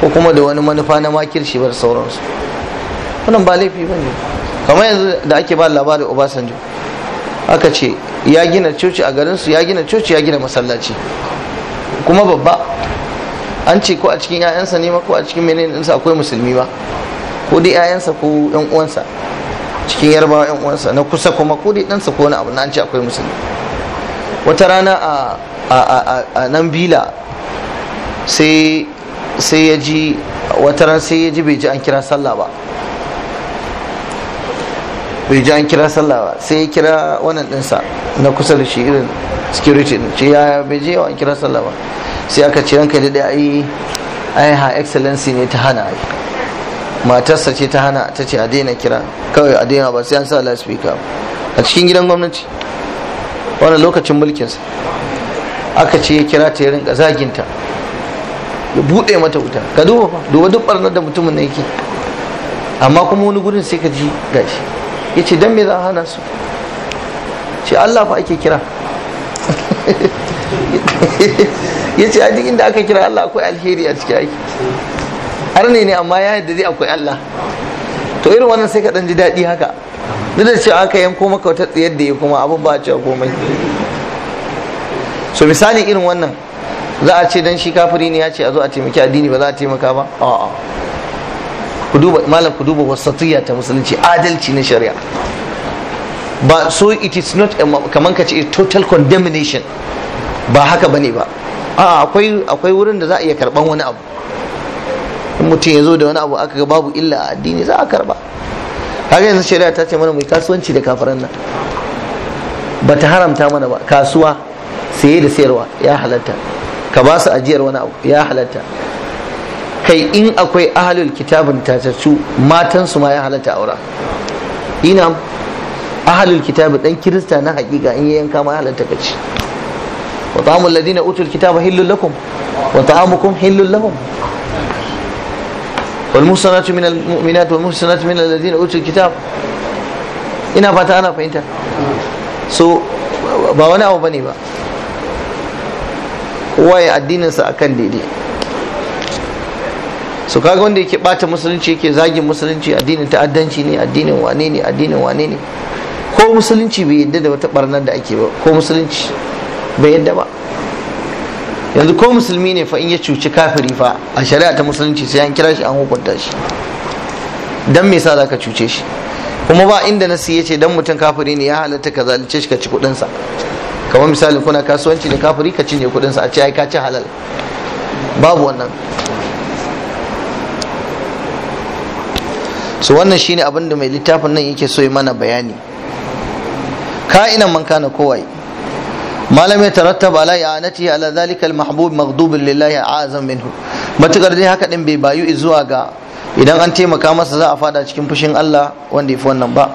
ko kuma da wani manufa na shi bar sauransu wannan ba laifi ba ne kamar yanzu da ake ba labarin Obasanjo aka ce ya gina coci a garinsu ya gina coci ya gina masallaci kuma babba an ce ko a cikin 'ya'yansa ne ma ko a cikin menene akwai musulmi ba ko dai 'ya'yansa ko 'yan uwansa cikin yarbawa yan uwansa na kusa kuma kudi ɗansa ko na abu na an ce akwai musulmi wata rana a nan bila sai ya ji wata rana sai ya ji bai ji an kira sallah ba bai ji an kira sallah ba sai ya kira wannan ɗinsa na kusa da shi irin security din ce ya bai ji an kira sallah ba sai aka ce ranka da ai ai ha excellency ne ta hana ai matarsa ce ta hana ta ce a daina kira kawai a daina ba sai an sa loudspeaker a cikin gidan gwamnati wani lokacin mulkinsa aka ce ya kira ta ya rinka zaginta ya buɗe mata wuta ka duba fa duba duk barnar da mutumin na yake amma kuma wani gudun sai ka ji gashi ya ce don me za a hana su ce Allah fa ake kira [LAUGHS] ya ce a duk inda aka kira Allah akwai alheri a ciki aiki har ne amma ya yadda dai akwai Allah to irin wannan sai ka dan ji daɗi haka duk da cewa aka yanko maka wata tsayar da ya kuma abin ba a cewa komai so misali irin wannan za a ce dan shi kafiri ne ya ce a zo a taimaki addini ba za a taimaka ba a'a ku duba malam ku duba wasatiyya ta musulunci adalci na shari'a ba so it is not kaman ka ce total condemnation ba haka bane ba a'a akwai akwai wurin da za a iya karban wani abu in mutum ya zo da wani abu aka ga babu illa a addini za a karba kaga yanzu shari'a ta ce mana mu kasuwanci da kafaran nan ba ta haramta mana ba kasuwa saye da sayarwa ya halatta ka ba su ajiyar wani abu ya halatta kai in akwai ahalul kitabin tatattu matansu ma ya halatta aura ina ahalul kitabi dan kirista na hakika in yayin kama halatta kaci wa ta'amul ladina utul kitaba hillul lakum wa ta'amukum hillul lahum والمحصنات من المؤمنات والمحصنات من الذين اوتوا الكتاب ina fata ana fahimta so ba wani abu bane ba kowa ya addininsa akan daidai so kaga wanda yake bata musulunci yake zagin musulunci addinin ta'addanci ne addinin wane ne addinin wane ne ko musulunci bai yadda da wata barnar da ake ba ko musulunci bai yadda ba yanzu ko musulmi ne fa in ya cuci kafiri fa a shari'a ta musulunci sai an kira shi an hukunta shi dan me yasa zaka cuce shi kuma ba inda nasi yace dan mutum kafiri ne ya halatta ka zalunce shi ka ci kudin sa kamar misalin kuna kasuwanci da kafiri ka cinye kudin sa a ce ai ka ci halal babu wannan so wannan shine abin da mai littafin nan yake so yi mana bayani ina man kana kowai ma lam yatarattab ala i'anati ala zalika al-mahbub maghdubun lillahi azam minhu matukar dai haka din bai bayu zuwa ga idan an taimaka masa za a fada cikin fushin Allah wanda fi wannan ba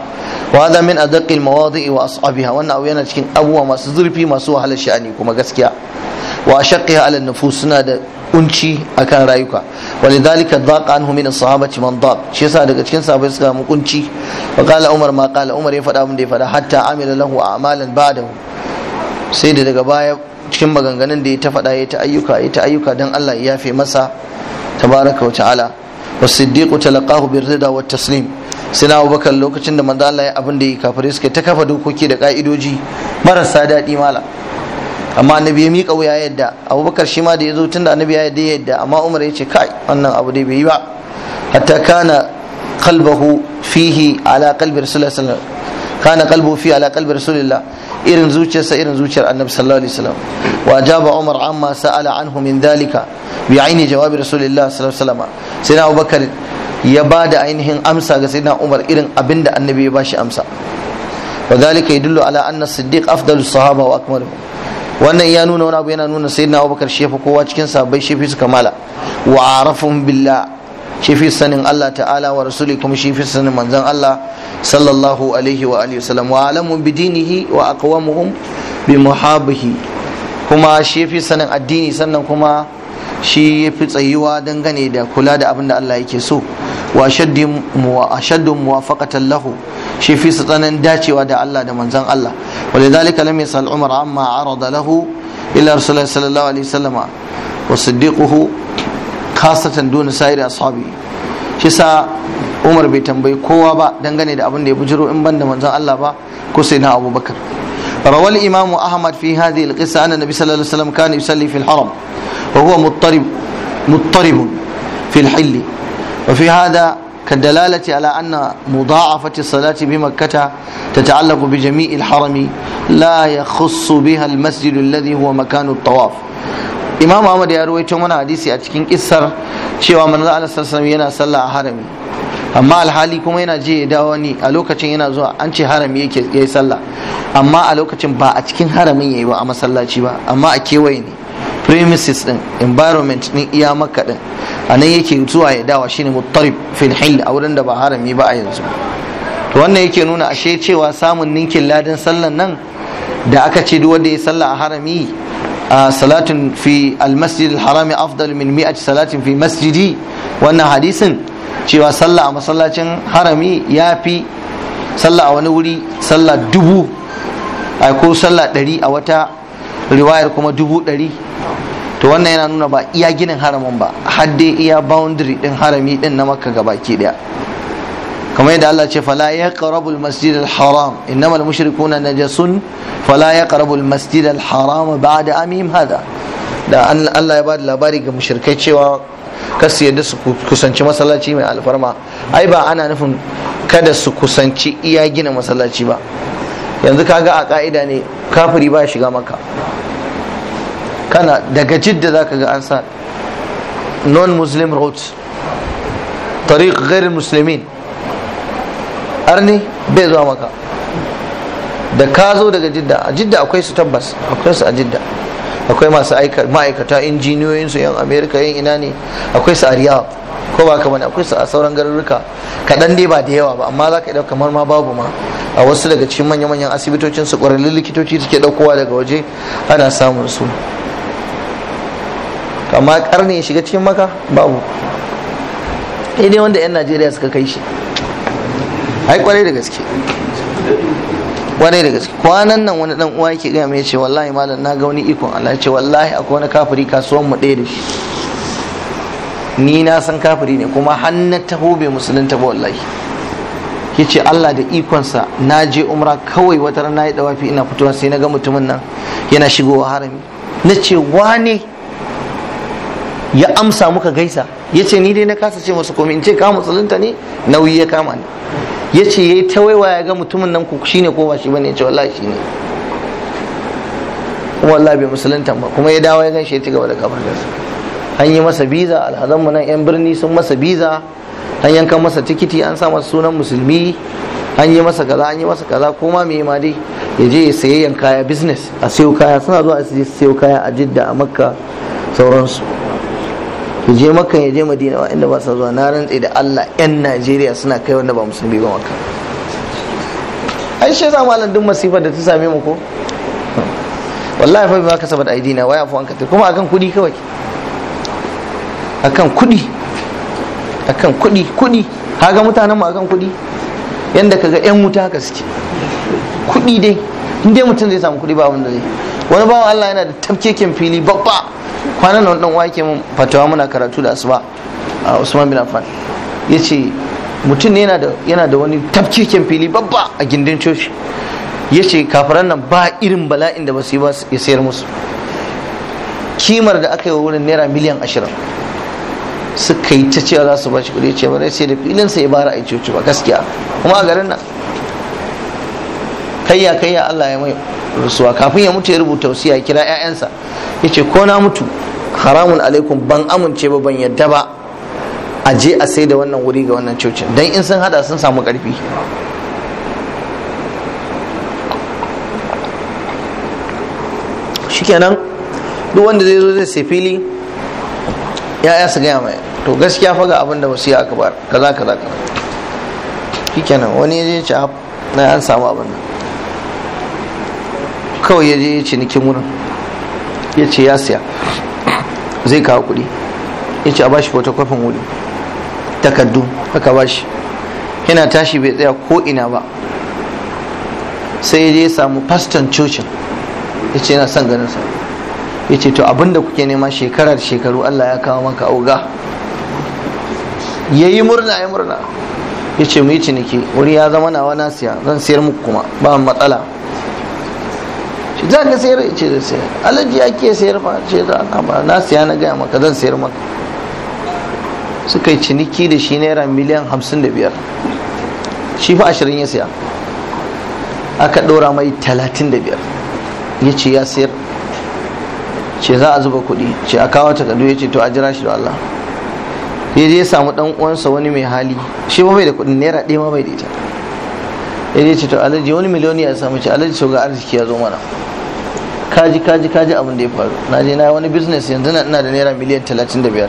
wa hadha min adaqil mawadi'i wa as'abiha wannan abu yana cikin abubuwa masu zurfi masu wahalar sha'ani kuma gaskiya wa shaqqiha ala nufus suna da ƙunci akan rayuka walidhalika dhaqa anhu min as-sahabati man dhaq shi yasa daga cikin sahabbai suka mu kunci wa qala umar ma qala umar ya faɗa mun da ya faɗa hatta amila lahu a'malan ba'dahu sai da daga baya cikin maganganun da ya ta faɗa ya ta ayyuka ya ta ayyuka don Allah ya yafe masa tabaraka wa ta'ala wa siddiqu talaqahu bir rida wa taslim sai na abubakar lokacin da manzo Allah ya abin da ya kafare suke ta kafa dokoki da ka'idoji marasa daɗi mala amma annabi ya miƙa wuya yadda abubakar shi ma da ya zo tunda annabi ya yadda yadda amma umar ya ce kai wannan abu dai bai yi ba hatta kana qalbahu fihi ala qalbi rasulullah kana qalbuhu fihi ala qalbi rasulullah irin zuciyarsa irin zuciyar annabi sallallahu alaihi wasallam wa ajaba umar amma sa'ala anhu min dalika bi aini jawabi rasulillah sallallahu alaihi wasallam sai na abubakar ya ba da ainihin amsa ga sayyidina umar irin abinda annabi ya bashi amsa wa dalika yadullu ala anna siddiq afdalus sahaba wa akmaluhum wannan ya nuna wani abu yana nuna sayyidina abubakar shefa kowa cikin sahabbai shefi su kamala wa arafun billah shefi sanin Allah ta'ala wa rasuli kuma shefi sanin manzon Allah sallallahu alaihi wa wa alamun bidinihi wa aqwamuhum bi kuma shi yafi addini sannan kuma shi tsayuwa dangane da kula da abinda da Allah yake so wa shaddu wa ashaddu muwafaqatan dacewa da Allah da manzan Allah wa lidhalika lam umar amma arada lahu ila rasul sallallahu alaihi wa siddiquhu khasatan dun sa'ir ashabi shi sa umar bai tambayi kowa ba dangane da abin da ya bujiro in banda manzon Allah ba ko sai na abubakar rawal imam ahmad fi hadhihi alqissa anna nabi sallallahu alaihi wasallam kana yusalli fi alharam wa huwa muttarib muttarib fi alhilli wa fi hadha كدلالة على أن مضاعفة الصلاة بمكة تتعلق بجميع الحرم لا يخص بها المسجد الذي هو مكان الطواف إمام أحمد يروي تومنا حديثي أتكين إسر شوى من الله عليه وسلم ينا صلى حرمي amma alhali kuma yana je ya dawo ni a lokacin yana zuwa an ce harami yake yi sallah amma a lokacin ba a cikin haramin yayi ba a masallaci ba amma a kewaye ne premises din environment din iya maka din a nan yake zuwa ya dawa shine muttarib fil hil a wurin da ba harami ba a yanzu to wannan yake nuna ashe cewa samun ninkin ladan sallan nan da aka ce duk wanda ya sallah a harami salatin fi al-masjid al-harami afdal min mi'at salatin fi masjidi wannan hadisin cewa sallah a masallacin harami ya fi sallah a wani wuri sallah dubu a ko sallah ɗari a wata riwayar kuma dubu ɗari to wannan yana nuna ba iya ginin haramin ba hadde iya boundary din harami ɗin na makka gabaki daya kamar yadda Allah ce fala ya qarabul masjid al-haram innamal mushrikuna najasun fala ya qarabul masjid al-haram ba'da amim hada da Allah ya ba da labari ga mushrikai cewa kasu yadda su kusanci masallaci mai alfarma ai ba ana nufin kada su kusanci iya gina masallaci ba yanzu kaga a ka'ida ne kafiri ba shiga maka kana daga jidda za ka ga an sa non muslim route tariq ghair muslimin arni bai zuwa maka da ka zo daga jidda a jidda akwai su tabbas akwai su a jidda akwai masu ma'aikata injiniyoyin su yan amerika yan ina ne akwai su a riyadh ko ba kamar akwai su a sauran garuruka kaɗan dai ba da yawa ba amma za ka ɗauka kamar ma babu ma a wasu daga cikin manya-manyan asibitocin su ƙwararrun likitoci suke ɗaukowa daga waje ana samun su amma ƙarni ya shiga cikin maka babu dai wanda 'yan najeriya suka kai shi ai kwarai da gaske kwarai da gaske kwanan nan wani dan uwa yake gaya mai ce wallahi malam na ga wani ikon Allah ce wallahi akwai wani kafiri kasuwan mu ɗaya da shi ni na san kafiri ne kuma hannun taho bai musulun ba wallahi yace Allah da ikonsa na je umra kawai wata rana ya dawafi ina fitowa sai na ga mutumin nan yana shigowa harami na ce wane ya amsa muka gaisa ya ce ni dai na kasa ce masu komai in ce ka musulunta ne nauyi ya kama ni ya ce ya yi ta ya ga mutumin nan ku shine ko ba shi bane ya ce wallahi shi ne kuma wallahi bai musulunta ba kuma ya dawo ya gan shi ya ci gaba da kabarinsa an yi masa biza alhazan mu nan yan birni sun masa biza an yanka masa tikiti an sa masa sunan musulmi an yi masa kaza an yi masa kaza ma me ma dai ya je ya sayayyan kaya business a sayo kaya suna zuwa a sayo kaya a jidda a makka sauransu je makan ya je madina wa inda ba sa zuwa na rantse da Allah yan Najeriya suna kai wanda ba musulmi ba maka ai shi yasa malam duk masifar da ta same mu ko wallahi fa bima kasabat aidina waya an ka kuma akan kudi kawai akan kudi akan kudi kudi ga mutanen mu akan kudi yanda kaga yan wuta haka suke kudi dai Tun dai mutum zai samu kuɗi ba wanda zai wani bawan Allah yana da tafkeken fili babba kwanan nan dan wake mun fatawa muna karatu da asuba a Usman bin Affan yace mutum ne yana da wani tafkeken fili babba a gindin coci yace kafiran nan ba irin bala'in da ba su yi ba ya sayar musu kimar da aka yi wurin naira miliyan ashirin suka yi ta cewa za su ba shi kuɗi ce ba sai da filinsa sai ya bara a coci ba gaskiya kuma a garin nan kayya kayya Allah ya mai rasuwa kafin ya mutu ya rubuta wasiya kira ƴaƴansa yace ko na mutu haramun alaikum ban amince ba ban yadda ba a je a sai da wannan wuri ga wannan cocin dan in sun hada sun samu karfi shikenan duk wanda zai zo zai sai fili ya'ya su gaya mai to gaskiya fa ga abin da wasiya aka bar kaza kaza kaza shikenan wani ya ce na an samu abin nan kawai ya je ya cinikin wurin ya ce ya siya zai kawo kuɗi ya ce a bashi fotokofin wuri takardu aka bashi yana tashi bai tsaya ko ina ba sai ya je ya samu faston cocin ya ce yana son ganin sa ya ce to abinda kuke nema shekarar shekaru Allah ya kawo maka auga ya yi murna ya murna ya ce mu yi ciniki wuri ya zama na wana siya zan siyar muku kuma ba matsala za ka sayar ce da sayar alaji ya ke sayar ma ce za ana ba na siya na gaya maka zan sayar maka suka yi ciniki da shi naira miliyan hamsin da biyar shi fa ashirin ya siya aka ɗora mai talatin da biyar ya ce ya sayar ce za a zuba kuɗi ce a kawo takardu ya ce to a jira shi da Allah ya je ya samu ɗan uwansa wani mai hali shi ba bai da kuɗin naira ɗaya ma bai da ita ya ce to alaji wani miliyoni ya samu ce alaji so ga arziki ya zo mana kaji kaji kaji abin da ya faru na je na wani business yanzu na ina da naira miliyan 35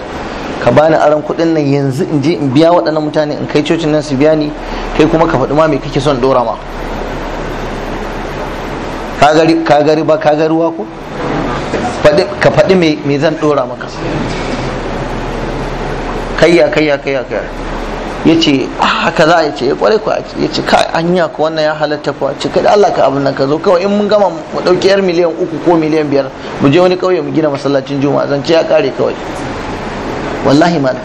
ka bani aron kuɗin nan yanzu in je in biya waɗannan mutane in kai cocin nan su biya ni kai kuma ka faɗi ma me kake son dora ma ka gari ba ka gari ruwa ko ka faɗi me zan dora maka kayya kayya kayya kayya ya ce ah, haka za a ce ya eh, kware ku ya ce kai yi ku wannan ya halatta ku ce kai Allah ka abin nan ka zo kawai in mun gama mu dauki yar miliyan uku ko miliyan biyar mu je wani kauye mu gina masallacin juma'a ce ya kare kawai wallahi mana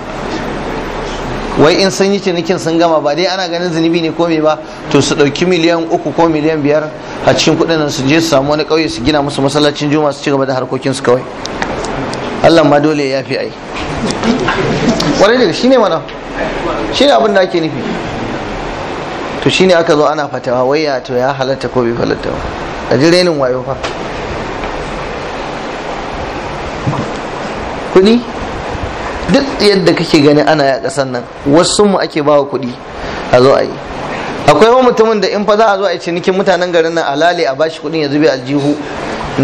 wai in sun yi cinikin sun gama ba dai ana ganin zunubi ne ko me ba to su dauki miliyan uku ko miliyan biyar a cikin kudin su je su samu wani kauye su gina musu masallacin juma'a su ci gaba da harkokin su kawai Allah ma dole ya fi ai kwarai daga shine mana shine abin da ake nufi to shine aka zo ana fatawa waya to ya halatta ko bai halatta ba a ji renin wayo fa kuɗi duk yadda kake gani ana ya ƙasan nan wasu mu ake bawa kuɗi a zo a yi akwai wani mutumin da in fa za a zo a yi cinikin mutanen garin nan alale a bashi kuɗin ya zube aljihu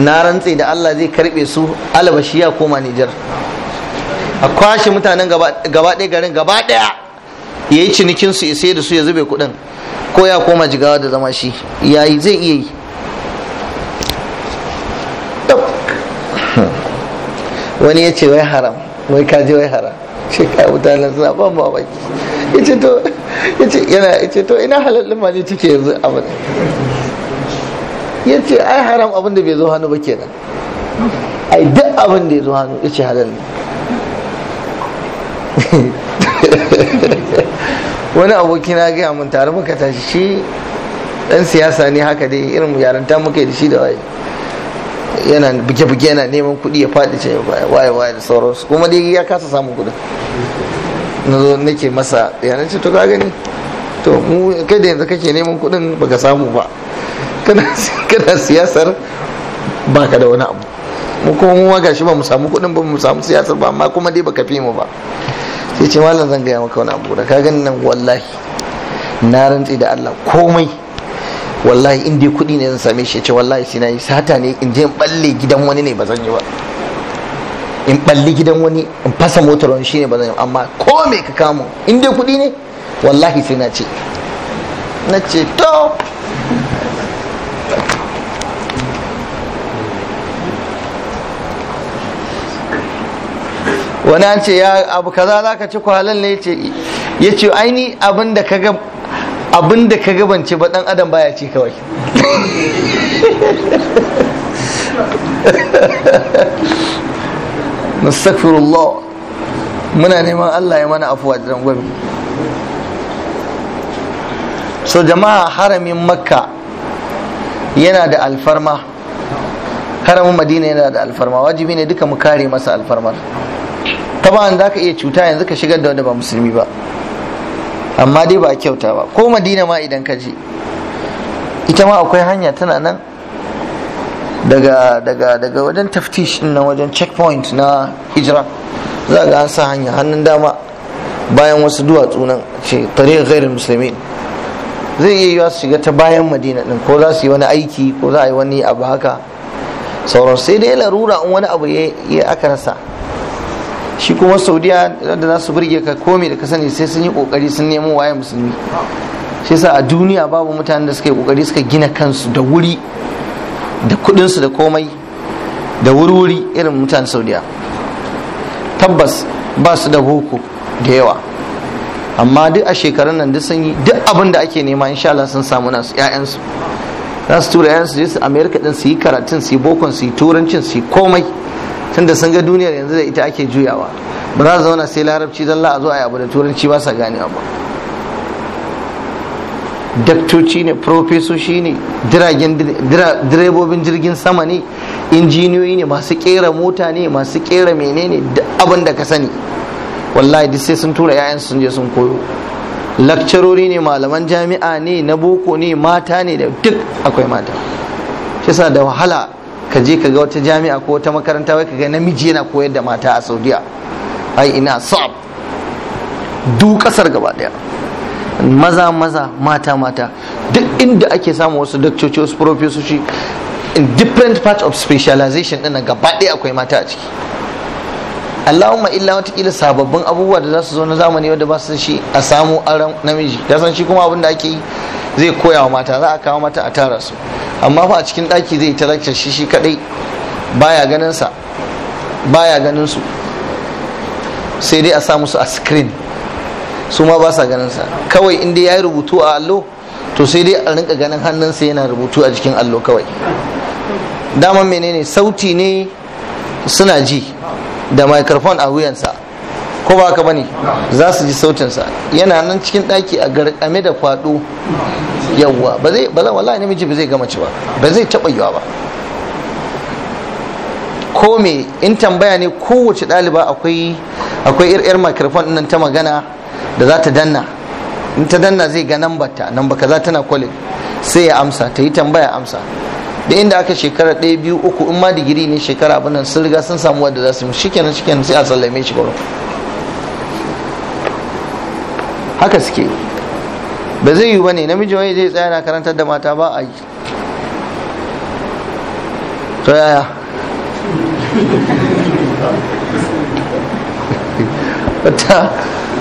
na rantse da Allah zai karbe su albashi ya koma Nijar a kwashe mutanen gaba ɗaya garin gaba ɗaya ya yi cinikin su isai da su ya zube kuɗin ko ya koma jigawa da zama shi Ya yi zai iya yi wani ya ce wai haram wai kaji wai haram ce ka mutanen suna ban mamaki ya ce to ina halal ma ne cike yanzu abin ya ce ai haram abin da bai zo hannu ba kenan ai duk abin da ya zo hannu ya ce halal ne [LAUGHS] wani aboki na gaya mun tare muka tashi shi dan siyasa ne haka dai irin yaranta muka da shi da waye yana buge-buge yana neman kuɗi ya faɗi ce waye waye da sauransu kuma dai ya kasa samun kuɗin na zo nake masa yanar ce to ka gani to mu kai da yanzu kake neman kuɗin baka samu ba [LAUGHS] kana siyasar ba ka da wani abu mu kuma mu ma gashi ba mu samu kuɗin ba mu samu siyasar ba amma kuma dai baka fi mu ba sai ce malam zan gaya maka wani abu da ka gani nan wallahi na rantsi da Allah komai wallahi in dai kuɗi ne zan same shi ce wallahi sai na yi sata ne in je in balle gidan wani ne ba zan yi ba in balle gidan wani in fasa motar wani shine ba zan yi amma ko me ka kamo in dai kuɗi ne wallahi sai na ce na ce to wani an ce ya abu kaza za ka ci ku halal ne ya ce aini abinda ka ga abin gabance ba dan adam baya ci kawai [LAUGHS] nastaghfirullah muna neman Allah ya mana afuwa da gobe so jama'a haramin makka yana da alfarma haramin madina yana da alfarma wajibi ne duka mu kare masa alfarmar taban za ka iya cuta yanzu ka shigar da wanda ba musulmi ba amma dai ba kyauta ba ko madina ma idan ka je ita ma akwai hanya tana nan daga daga daga wajen taftish na wajen checkpoint na hijira za ga an sa hanya hannun dama bayan wasu duwatsu nan ce tarihin ghairin musulmi zai iya yiwa su shiga ta bayan madina din ko za su yi wani aiki ko za a yi wani abu haka sauran sai dai larura in wani abu ya aka rasa shi kuma saudiya da za su burge ka komai da ka sani sai sun yi kokari sun nemo waye musulmi shi yasa a duniya babu mutanen da suka yi kokari suka gina kansu da wuri da kudinsu da komai da wuri-wuri irin mutanen saudiya tabbas ba su da boko da yawa amma duk a shekarun nan duk sun yi duk abin da ake nema insha Allah sun samu nasu 'ya'yansu za su tura ƴaƴansu su je su din su yi karatun su yi bokon su yi turancin su yi komai tunda sun ga duniyar yanzu da ita ake juyawa ba za su zauna sai larabci don la a zo a yi abu da turanci ba sa gane ba daktoci ne profesoshi ne direbobin jirgin sama ne injiniyoyi ne masu kera mota ne masu kera menene abin da ka sani wallahi duk sai sun tura yayan sun je sun koyo lakcarori ne malaman jami'a ne na boko ne mata ne da duk akwai mata shi da wahala ka je ka ga wata jami'a ko wata makaranta wai ka ga namiji yana koyar da mata a saudiya ai ina sab du kasar gaba daya maza maza mata mata duk inda ake samu wasu dakcoci wasu profesoshi in different parts of specialization ɗin gaba ɗaya akwai mata a ciki Allahumma illa watakila sababbin abubuwa da za su zo na zamani wanda ba su shi a samu aran namiji da san shi kuma abin da ake yi zai koya wa mata za a kawo mata a tara su amma fa a cikin ɗaki zai ta rakta shi shi kadai baya ganin sa baya ganin su sai dai a sa musu a screen su ma ba sa ganin sa kawai in dai yayi rubutu a allo to sai dai a rinka ganin hannun sa yana rubutu a jikin allo kawai daman menene sauti ne suna ji da microphone a wuyansa ko ba ka bane za su ji sautinsa yana nan cikin ɗaki a garkame da kwado yawwa ba zai ba wallahi namiji ba zai gama ci ba ba zai taɓa yiwa ba ko me in tambaya ne kowace ɗaliba akwai akwai irin microphone nan ta magana da za ta danna in ta danna zai ga number ta number kaza tana kwalin sai ya amsa ta yi tambaya amsa da inda aka shekara ɗaya biyu uku in ma digiri ne shekara abin nan sun riga sun samu wadda za su yi shikenan shikenan sai a sallame shi gurin haka suke ba zai yi ne namiji wani zai tsaya na karantar da mata ba a yi to yaya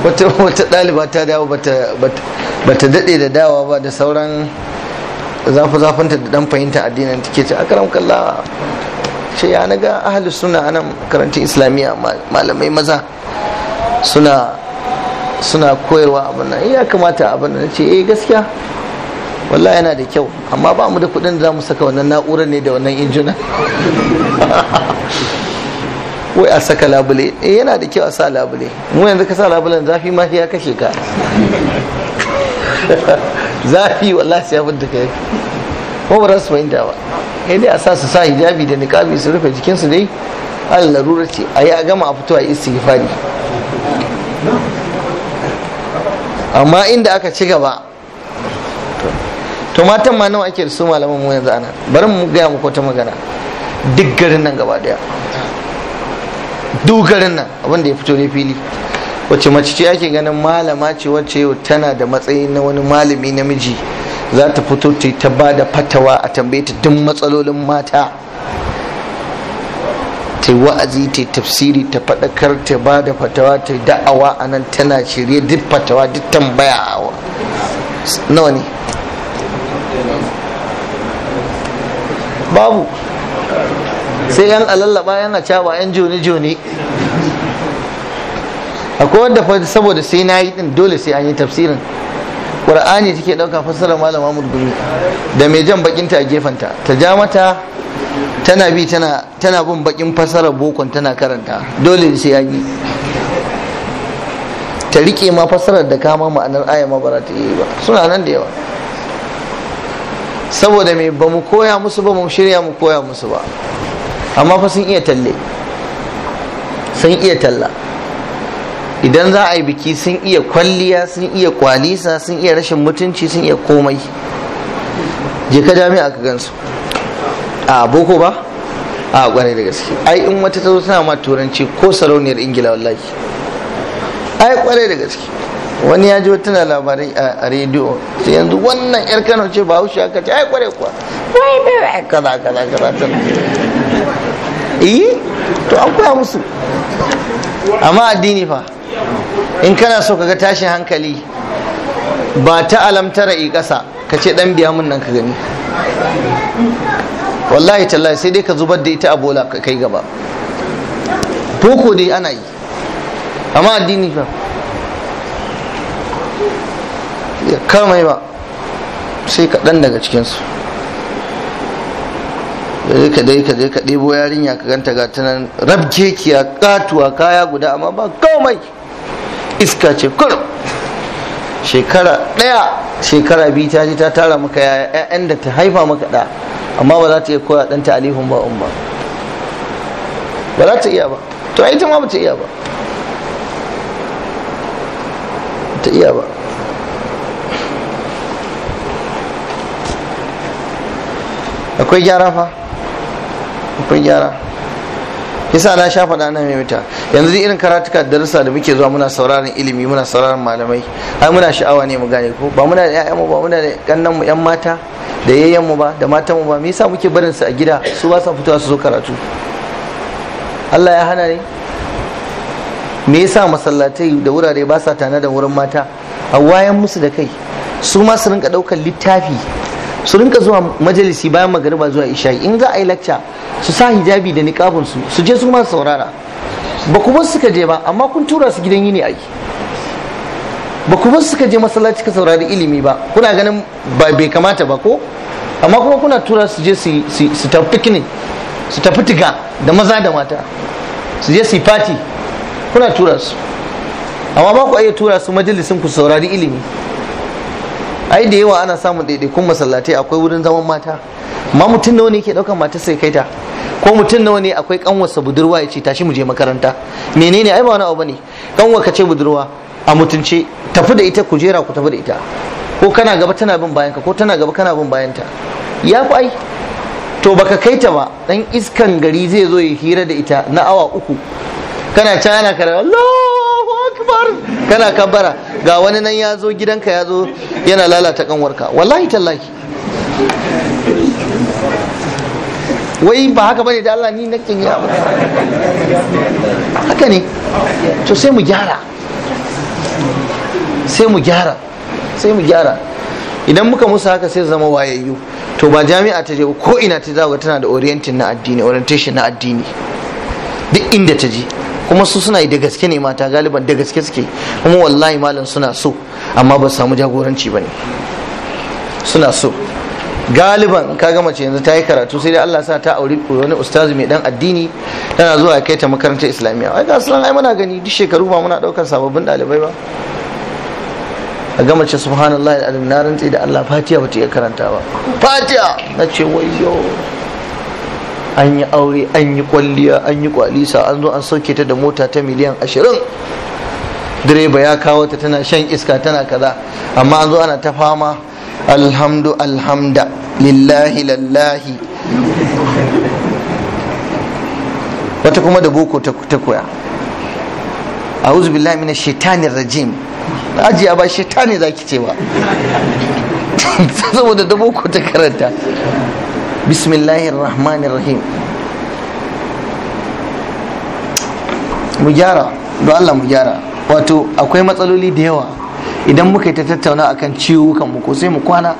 wata wata ɗaliba ta dawo bata daɗe da dawa ba da sauran zafi zafanta da dan fahimta addinin take ce akaram kalla ce ya naga ahli suna nan karanta islamiyya malamai maza suna suna koyarwa abin nan eh, ya kamata abin nan ce eh gaskiya walla yana da kyau amma ba mu da kuɗin da za mu saka wannan na'urar ne da wannan injina [LAUGHS] wai a saka labule eh yana da kyau a sa labule mu yanzu ka sa labulen zafi ma ya kashe ka [LAUGHS] zafi wallahi sai abin da kai ko ba su fahimta ba kai dai a sa su sa hijabi da niqabi su rufe jikin su dai al larura ce a yi a gama a fito a istighfari amma inda aka ci gaba to matan ma nawa ake da su malaman mu yanzu ana bari mu gaya muku ta magana duk garin nan gaba daya duk garin nan abin da ya fito ne fili Wace mace ce ake ganin malama ce wacce yau tana da matsayi na wani malami namiji za ta fito ta ta ba da fatawa a tambaye ta duk matsalolin mata ta yi wa'azi ta yi tafsiri ta faɗakar ta ba da fatawa ta yi da'awa a nan tana shirye duk fatawa duk tambaya nawa ne babu sai yan alallaba a cewa yan joni-joni akwai wanda saboda sai na yi din dole sai an yi tafsirin ƙura'ani take ɗauka fassarar malam Mahmud Gumi da mai jan bakinta a gefenta ta ja mata tana bi tana tana bin bakin fassarar bokon tana karanta dole sai an yi ta rike ma fassarar da kama ma'anar aya ma ta yi ba suna nan da yawa saboda me ba mu koya musu ba mu shirya mu koya musu ba amma fa sun iya talle sun iya talla idan za a yi biki sun iya kwalliya sun iya kwalisa sun iya rashin mutunci sun iya komai je ka jami'a ka gansu a boko ba a kwarai da gaske ai in wata ta zo tana ma turanci ko sarauniyar ingila wallahi ai kwarai da gaske wani ya ji wata na labarai a rediyo sai yanzu wannan yar kano ce ba haushi aka ce ai kwarai kuwa wai bai kaza kaza kaza ta to an koya musu amma addini fa in kana so kaga tashin hankali ba ta alamtara i ƙasa ka ce ɗan biya mun nan ka gani wallahi tallahi sai dai ka zubar da ita a bola ka kai gaba boko dai ana yi amma addini fa ya yi ba sai ka ɗan daga cikinsu dai ka dai ka dai ka ɗebo yarinya ka ganta ga ta nan kiya katuwa kaya guda amma ba komai iska ce kurum shekara ɗaya shekara biyu ta je ta tara maka ya'yan da ta haifa maka ɗa amma ba za ta iya koya ɗanta alihun ba umma ba za ta iya ba to a ita ma ba ta iya ba ta iya ba akwai gyara fa akwai gyara yasa na sha faɗa na wuta yanzu duk irin karatuka da darussa da muke zuwa muna sauraron ilimi muna sauraron malamai ai muna sha'awa ne mu gane ko ba muna da ƴaƴanmu ba muna da kannanmu ƴan mata da yayyanmu ba da matanmu ba me yasa muke barin su a gida su ba sa fitowa su zo karatu Allah ya hana ne me yasa masallatai da wurare ba sa tana da wurin mata a wayan musu da kai su ma su rinka ɗaukar littafi su rinka zuwa majalisi bayan magariba zuwa isha'i in za a yi lacca su sa hijabi da niƙafinsu, su su je su ma saurara ba ku bar suka je ba amma kun tura su gidan yini ai ba ku bar suka je masallaci ka saurari ilimi ba kuna ganin ba bai kamata ba ko amma kuma kuna tura su je su tafi kinin su tafi tiga da maza da mata su je su fati kuna tura su amma ba ku iya tura su majalisin ku saurari ilimi ai da yawa ana samun ɗaiɗaikun masallatai akwai wurin zaman mata ma mutum nawa ne ke ɗaukar mata sai kai ta ko mutum nawa ne akwai kanwarsa budurwa ya ce tashi mu je makaranta menene ai ba wani abu bane kanwar ka ce budurwa a mutunce tafi da ita kujera ku tafi da ita ko kana gaba tana bin bayanka ko tana gaba kana bin bayanta ya fi ai to baka kai ta ba dan iskan gari zai zo ya hira da ita na awa uku kana can ana kara Allahu akbar kana bara, ga wani nan ya zo gidanka ya zo yana lalata kanwarka wallahi tallahi wai ba haka bane da Allah ni nake yi abu haka ne to sai mu gyara sai mu gyara sai mu gyara idan muka musu haka sai zama wayayyu to ba jami'a ta je ko ina ta zawo tana da orienting na addini orientation na addini duk inda ta je kuma su suna da gaske ne mata galiban da gaske suke kuma wallahi malam suna so amma ba samu jagoranci ba ne suna so galiban ka gama ce yanzu ta yi karatu sai dai Allah sa ta auri wani ustazi mai dan addini tana zuwa kai ta makarantar islamiyya ai ga sunan ai muna gani duk shekaru ba muna daukar sababbin dalibai ba a gama ce subhanallahi alazim na rantsi da Allah fatiha bata iya karanta ba fatiha na ce wayyo an yi aure an yi kwalliya an yi kwalisa an zo an sauke ta da mota ta miliyan ashirin direba ya kawo ta tana shan iska tana kaza amma an zo ana ta fama alhamdu alhamda lillahi lallahi wata kuma da boko ta koya wuzu billahi mina shetanin rajim ajiya ba shaitani zaki ce ba [LAUGHS] saboda da boko ta karanta بسم الله الرحمن الرحيم mujara da Allah mujara wato akwai matsaloli da yawa idan muka yi ta tattauna akan ciwukan mu ko sai mu kwana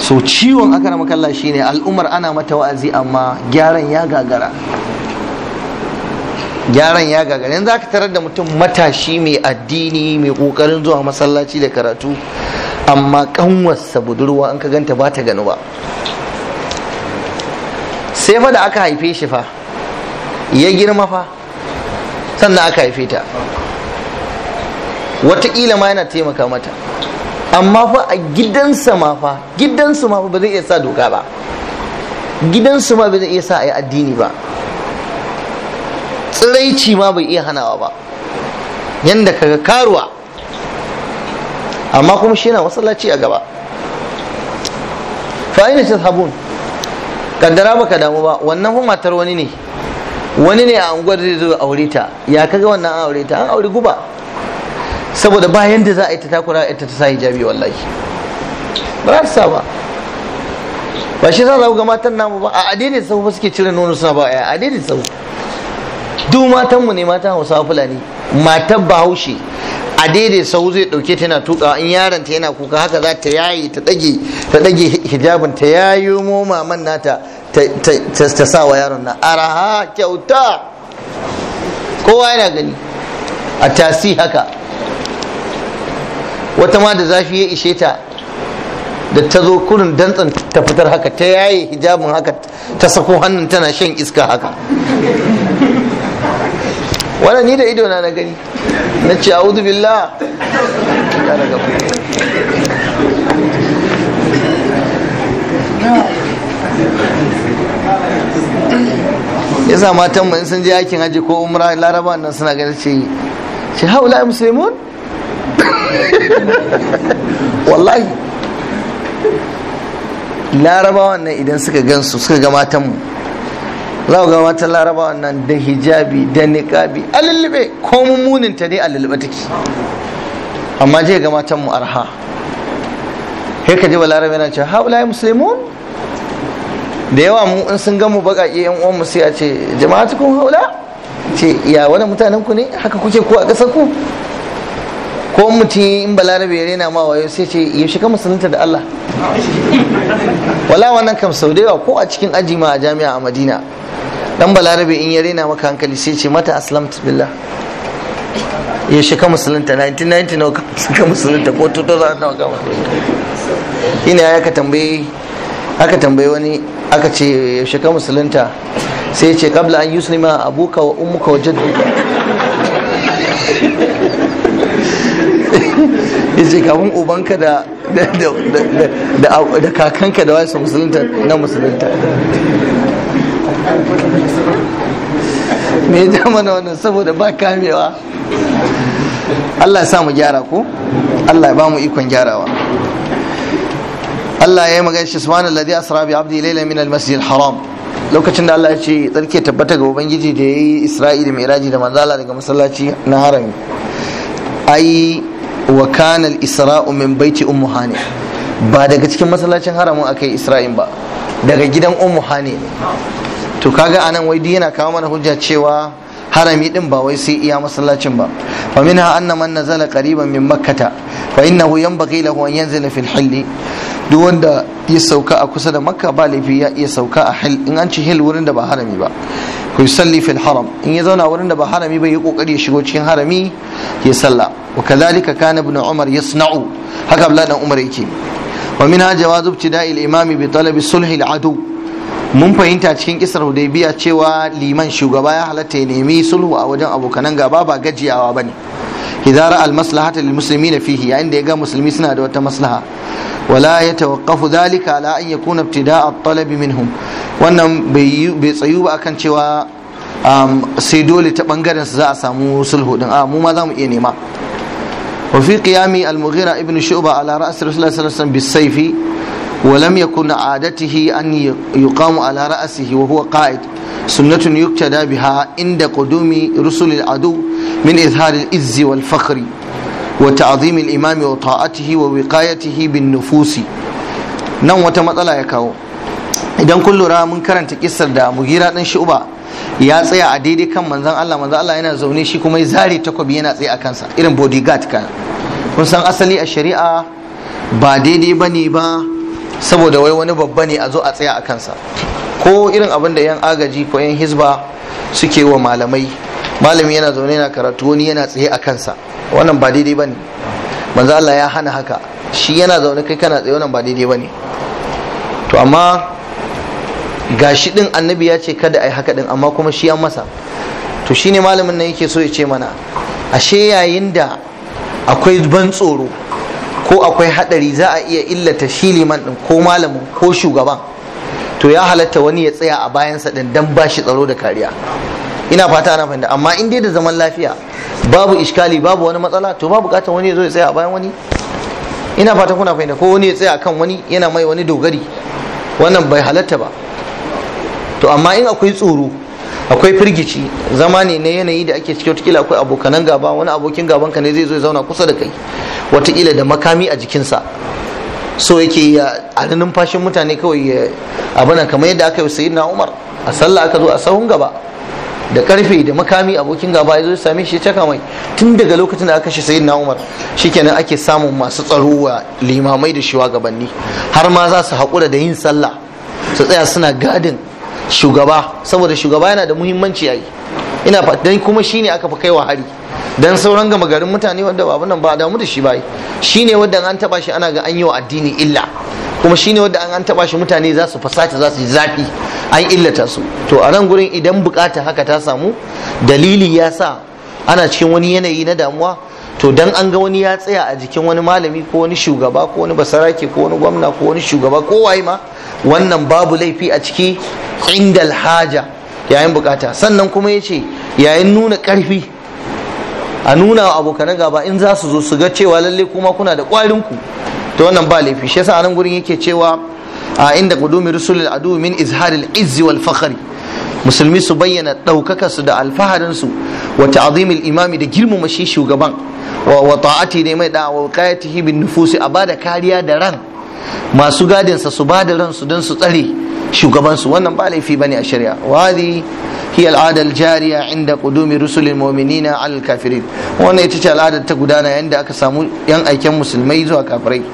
so ciwon aka rama kalla shine al'umar ana mata wa'azi amma gyaran ya gagara gyaran ya gagara yanzu aka tarar da mutum matashi mai addini mai kokarin zuwa masallaci da karatu amma kanwarsa budurwa an ka ganta ba ta ganu ba sai fa da aka haife shi fa ya girma fa sannan aka haife ta wataƙila ma yana taimaka mata amma fa a gidansa ma fa gidansu ma fa ba zai iya sa doka ba gidansu ma ba zai iya sa a yi addini ba tsiraici ma bai iya hanawa ba Yadda kaga karuwa amma kuma shi yana masallaci a gaba fa aina Habun, kaddara baka damu ba wannan kuma matar wani ne wani ne a unguwar zai zo aure ta ya kaga wannan an aure ta an aure guba saboda bayan da za a yi ta takura ita ta sa hijabi wallahi ba za ta sa ba ba shi za ga matan namu ba a adini sahu suke cire nono suna ba a adini sahu duk matanmu ne matan hausawa fulani matar bahaushe a daidai sau zai dauke tana tuka in yaron ta yana kuka haka za ta yayi ta dage ta dage hijabin ta yayo mu maman nata ta sa wa yaron na araha kyauta kowa yana gani a tasi haka wata ma da zafi ya ishe ta da ta zo kurin dantsan ta fitar haka ta yaye hijabin haka ta sako hannun tana shan iska haka wannan ni da ido na gani na ce audu billah sa matan mu sun je aikin haji ko umra laraba nan suna gani ce ce haula muslimun [LAUGHS] wallahi larabawan nan idan suka gansu suka ga matanmu. za ga matan larabawa nan da hijabi da niƙabi. a lullube ko mummunin ne a lullube take amma je ga matan mu arha He ka ji Laraba yana cewa haula mu? da yawa mu in sun gamu iya yan uwan mu sai a ce jama'atukum haula ce ya wani mutanen ku ne haka kuke ko a ƙasar ku ko mutum in balarabe ya rena ma wayo sai ce shi kama musulunta da Allah wala wannan kam sau da yawa ko a cikin aji ma a jami'a a madina dan balarabe in ya rena maka hankali sai ce mata aslam billah ya shiga musulunta 1990 [LAUGHS] nawa ka musulunta ko 2000 nawa ka ina ya ka tambaye aka tambaye wani aka ce ya kama musulunta sai ce kabla an yi sunima abuka wa ummuka wa jadduka yace kafin ubanka da da kakanka da wasu musulunta na musulunta me ya mana wannan saboda ba kamewa Allah sa mu gyara ko Allah ya ba mu ikon gyarawa Allah ya yi magana shi subhana alladhi asra bi abdi layla min al-masjid al-haram lokacin da Allah ya ce tsarki tabbata ga ubangiji da yayi Isra'ila Mi'raji da manzala daga masallaci na harami ai wa kana al-isra'u min baiti ummu hani ba daga cikin masallacin haramun akai isra'in ba daga gidan ummu hani to kaga anan wai yana kawo mana hujja cewa harami din ba wai sai iya masallacin ba fa minha anna man nazala qariban min makkata fa innahu yanbaghi lahu an yanzila fil hilli duk wanda ya sauka a kusa da makka ba laifi ya iya sauka a hil in an ci hil wurin da ba harami ba ku salli fil haram in ya zauna wurin da ba harami ba ya kokari ya shigo cikin harami ya salla wa kadhalika kana ibn umar yasna'u haka abdullahi dan umar yake wa minha jawazu ibtida'i al-imam bi talabi sulh al-adu mun fahimta cikin kisar hudaybiya cewa liman shugaba ya halatta ya nemi sulhu a wajen abokanan gaba ba gajiyawa bane idara al maslahata lil na fihi yayin da ya ga musulmi suna da wata maslaha wala ya tawaqqafu dhalika ala an yakuna ibtida'a at-talab minhum wannan bai tsayu ba akan cewa um, sai dole ta bangaren su za a samu sulhu din a mu ma za mu iya nema wa fi qiyami al-mughira ibn shu'ba ala ra's rasulullah sallallahu alaihi wasallam ولم يكن عادته أن يقام على رأسه وهو قائد سنة يقتدى بها عند قدوم رسل العدو من إظهار الإز والفخر وتعظيم الإمام وطاعته ووقايته بالنفوس matsala وتمطلع يكاو idan kun lura mun karanta kissar da mugira dan shuba ya tsaya a daidai kan manzon Allah manzon Allah yana zaune shi kuma zari zare takobi yana tsaye a kansa irin bodyguard kan kun san asali a shari'a ba daidai bane ba saboda wai wani babba ne a zo a tsaya a kansa ko irin abin da yan agaji ko yan hizba suke wa malamai malami yana zaune yana karatu wani yana tsaye a kansa wannan ba daidai bane manzo Allah ya hana haka shi yana zaune kai kana tsaye wannan ba daidai bane to amma gashi din annabi ya ce kada ai haka din amma kuma shi an masa to shine malamin nan yake so ya ce mana ashe yayin da akwai ban tsoro ko akwai hadari za a iya illata shi liman din ko malamin ko shugaban to ya halatta wani ya tsaya a bayansa din dan ba shi tsaro da kariya ina fata ana fahimta amma in dai da zaman lafiya babu iskali babu wani matsala to ba bukatar wani ya zo ya tsaya a bayan wani ina fata kuna fahimta ko wani ya tsaya kan wani yana mai wani dogari wannan bai halatta ba to amma in akwai tsoro akwai firgici zama ne na yanayi da ake cikin watakila akwai abokanan gaba wani abokin gaban ka ne zai zo ya zauna kusa da kai watakila da makami a jikinsa so yake ya a numfashin mutane kawai ya abana kamar yadda aka yi na umar a sallah aka zo a sahun gaba da karfe da makami abokin gaba ya zo same shi ya caka mai tun daga lokacin da aka shi sayyid na umar shikenan ake samun masu tsaro wa limamai da gabanni. har ma za su haƙura da yin sallah su tsaya suna gadin shugaba saboda shugaba yana da muhimmanci a yi ina fatan kuma shine aka fi kaiwa hari dan sauran gama garin mutane wanda babu nan ba damu da shi bai shine wanda an taba shi ana ga an yi wa addini illa kuma shine wanda an taba shi mutane za su fasata za su yi zafi an illata su to a nan gurin idan bukata haka ta samu dalili ya sa ana cikin wani yanayi na damuwa to dan an ga wani ya tsaya a jikin wani malami ko wani shugaba ko wani basarake ko wani gwamna ko wani shugaba ko waye ma wannan babu laifi a ciki indal haja yayin bukata sannan kuma ya ce yayin nuna karfi a nuna wa abokanan gaba in za su zo su ga cewa lalle kuma kuna da ƙwarinku, ku wannan ba laifi shi yasa anan gurin yake cewa a inda qudumi rusulul adu min izharil izzi wal fakhri musulmi su bayyana ɗaukaka su da alfaharin su wa ta'zimil imami da girmama shi shugaban wa ta'ati ne mai da wa qayatihi bin nufusi a bada kariya da ran masu gadin sa su bada ransu don su tsare shugabansu wannan ba laifi bane a shari'a wadi hiya al'adar jariya inda qudumi rusulil mu'minina al kafirin wannan ita ce al'adar ta gudana yadda aka samu yan aiken musulmai zuwa kafirai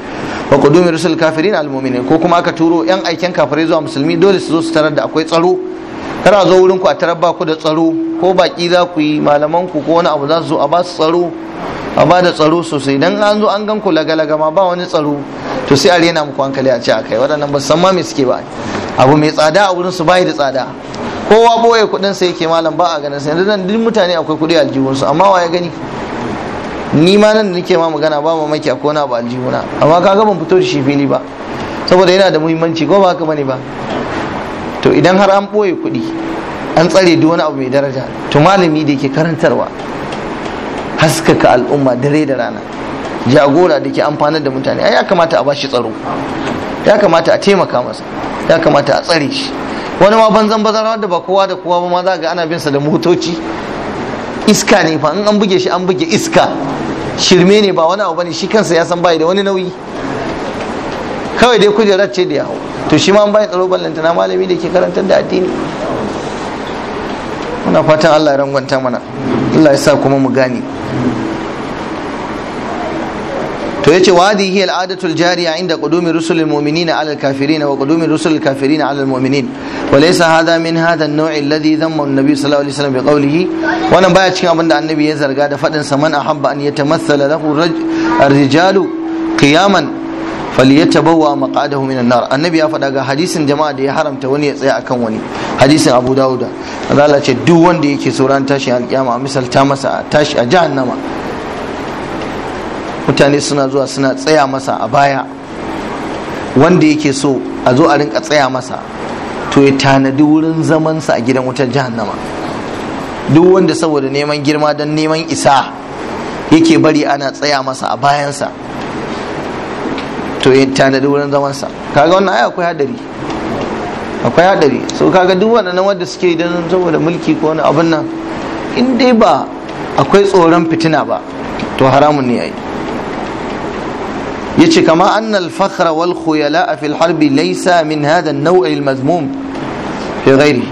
wa qudumi rusul kafirin al mu'minin ko kuma aka turo yan aiken kafirai zuwa musulmi dole su zo su tarar da akwai tsaro kana a zo wurin ku a tarar ba ku da tsaro ko baki za ku yi malaman ku ko wani abu za su zo a ba su tsaro a ba da tsaro sosai dan an zo an gan ku lagalaga ma ba wani tsaro to sai a rena muku hankali a ce a kai waɗannan ba san ma me suke ba abu mai tsada a wurin su bai da tsada kowa boye kuɗin sa yake malam ba a ganin sa dan duk mutane akwai kuɗi aljihunsu amma wa ya gani ni ma nan da nake ma magana ba mamaki akwai wani abu aljihuna amma kaga ban fito da shi fili ba saboda yana da muhimmanci ko ba haka bane ba to idan har an ɓoye kuɗi an tsare duk wani abu mai daraja to malami da ke karantarwa haskaka al'umma dare da rana jagora da ke amfanar da mutane ya kamata a bashi tsaro ya kamata a taimaka masa ya kamata a tsare shi wani ma banzan bazara da ba kowa da kowa ba ma za ga ana bin sa da motoci iska ne fa in an buge shi an buge iska shirme ne ba wani abu bane shi kansa ya san bai da wani nauyi kawai dai kujerar ce da yawo to shi ma an bai tsaro ballanta na malami da ke karantar da addini muna fatan Allah ya rangwanta mana Allah ya sa kuma mu gani. to yace wa hadhihi al'adatul jariya inda qudumi rusulil mu'minina 'ala al-kafirin wa qudumi rusulil kafirin 'ala al-mu'minin wa laysa hadha min hadha an-naw' alladhi dhamma an-nabi sallallahu alaihi wasallam bi qawlihi wannan baya cikin abinda annabi ya zarga da fadin sa man ahabba an yatamathala lahu ar-rijalu qiyaman falyatabawwa maqadahu minan nar annabi ya faɗa ga hadisin jama'a da ya haramta wani ya tsaya akan wani hadisin abu dauda Allah ce duk wanda yake so ran tashi misal misalta masa tashi a jahannama mutane suna zuwa suna tsaya masa a baya wanda yake so a zo a rinka tsaya masa to ya tanadi wurin zaman sa a gidan wutar jahannama duk wanda saboda neman girma don neman isa yake bari ana tsaya masa a bayansa wato tanadi wurin zamansa kaga wannan ai akwai hadari akwai hadari so kaga duk wannan wanda suke idan saboda mulki ko wani abin nan in dai ba akwai tsoron fitina ba to haramun ne ai yace kama annal fakhra wal khuyala fi al harbi laysa min hada al naw' al mazmum fi ghairi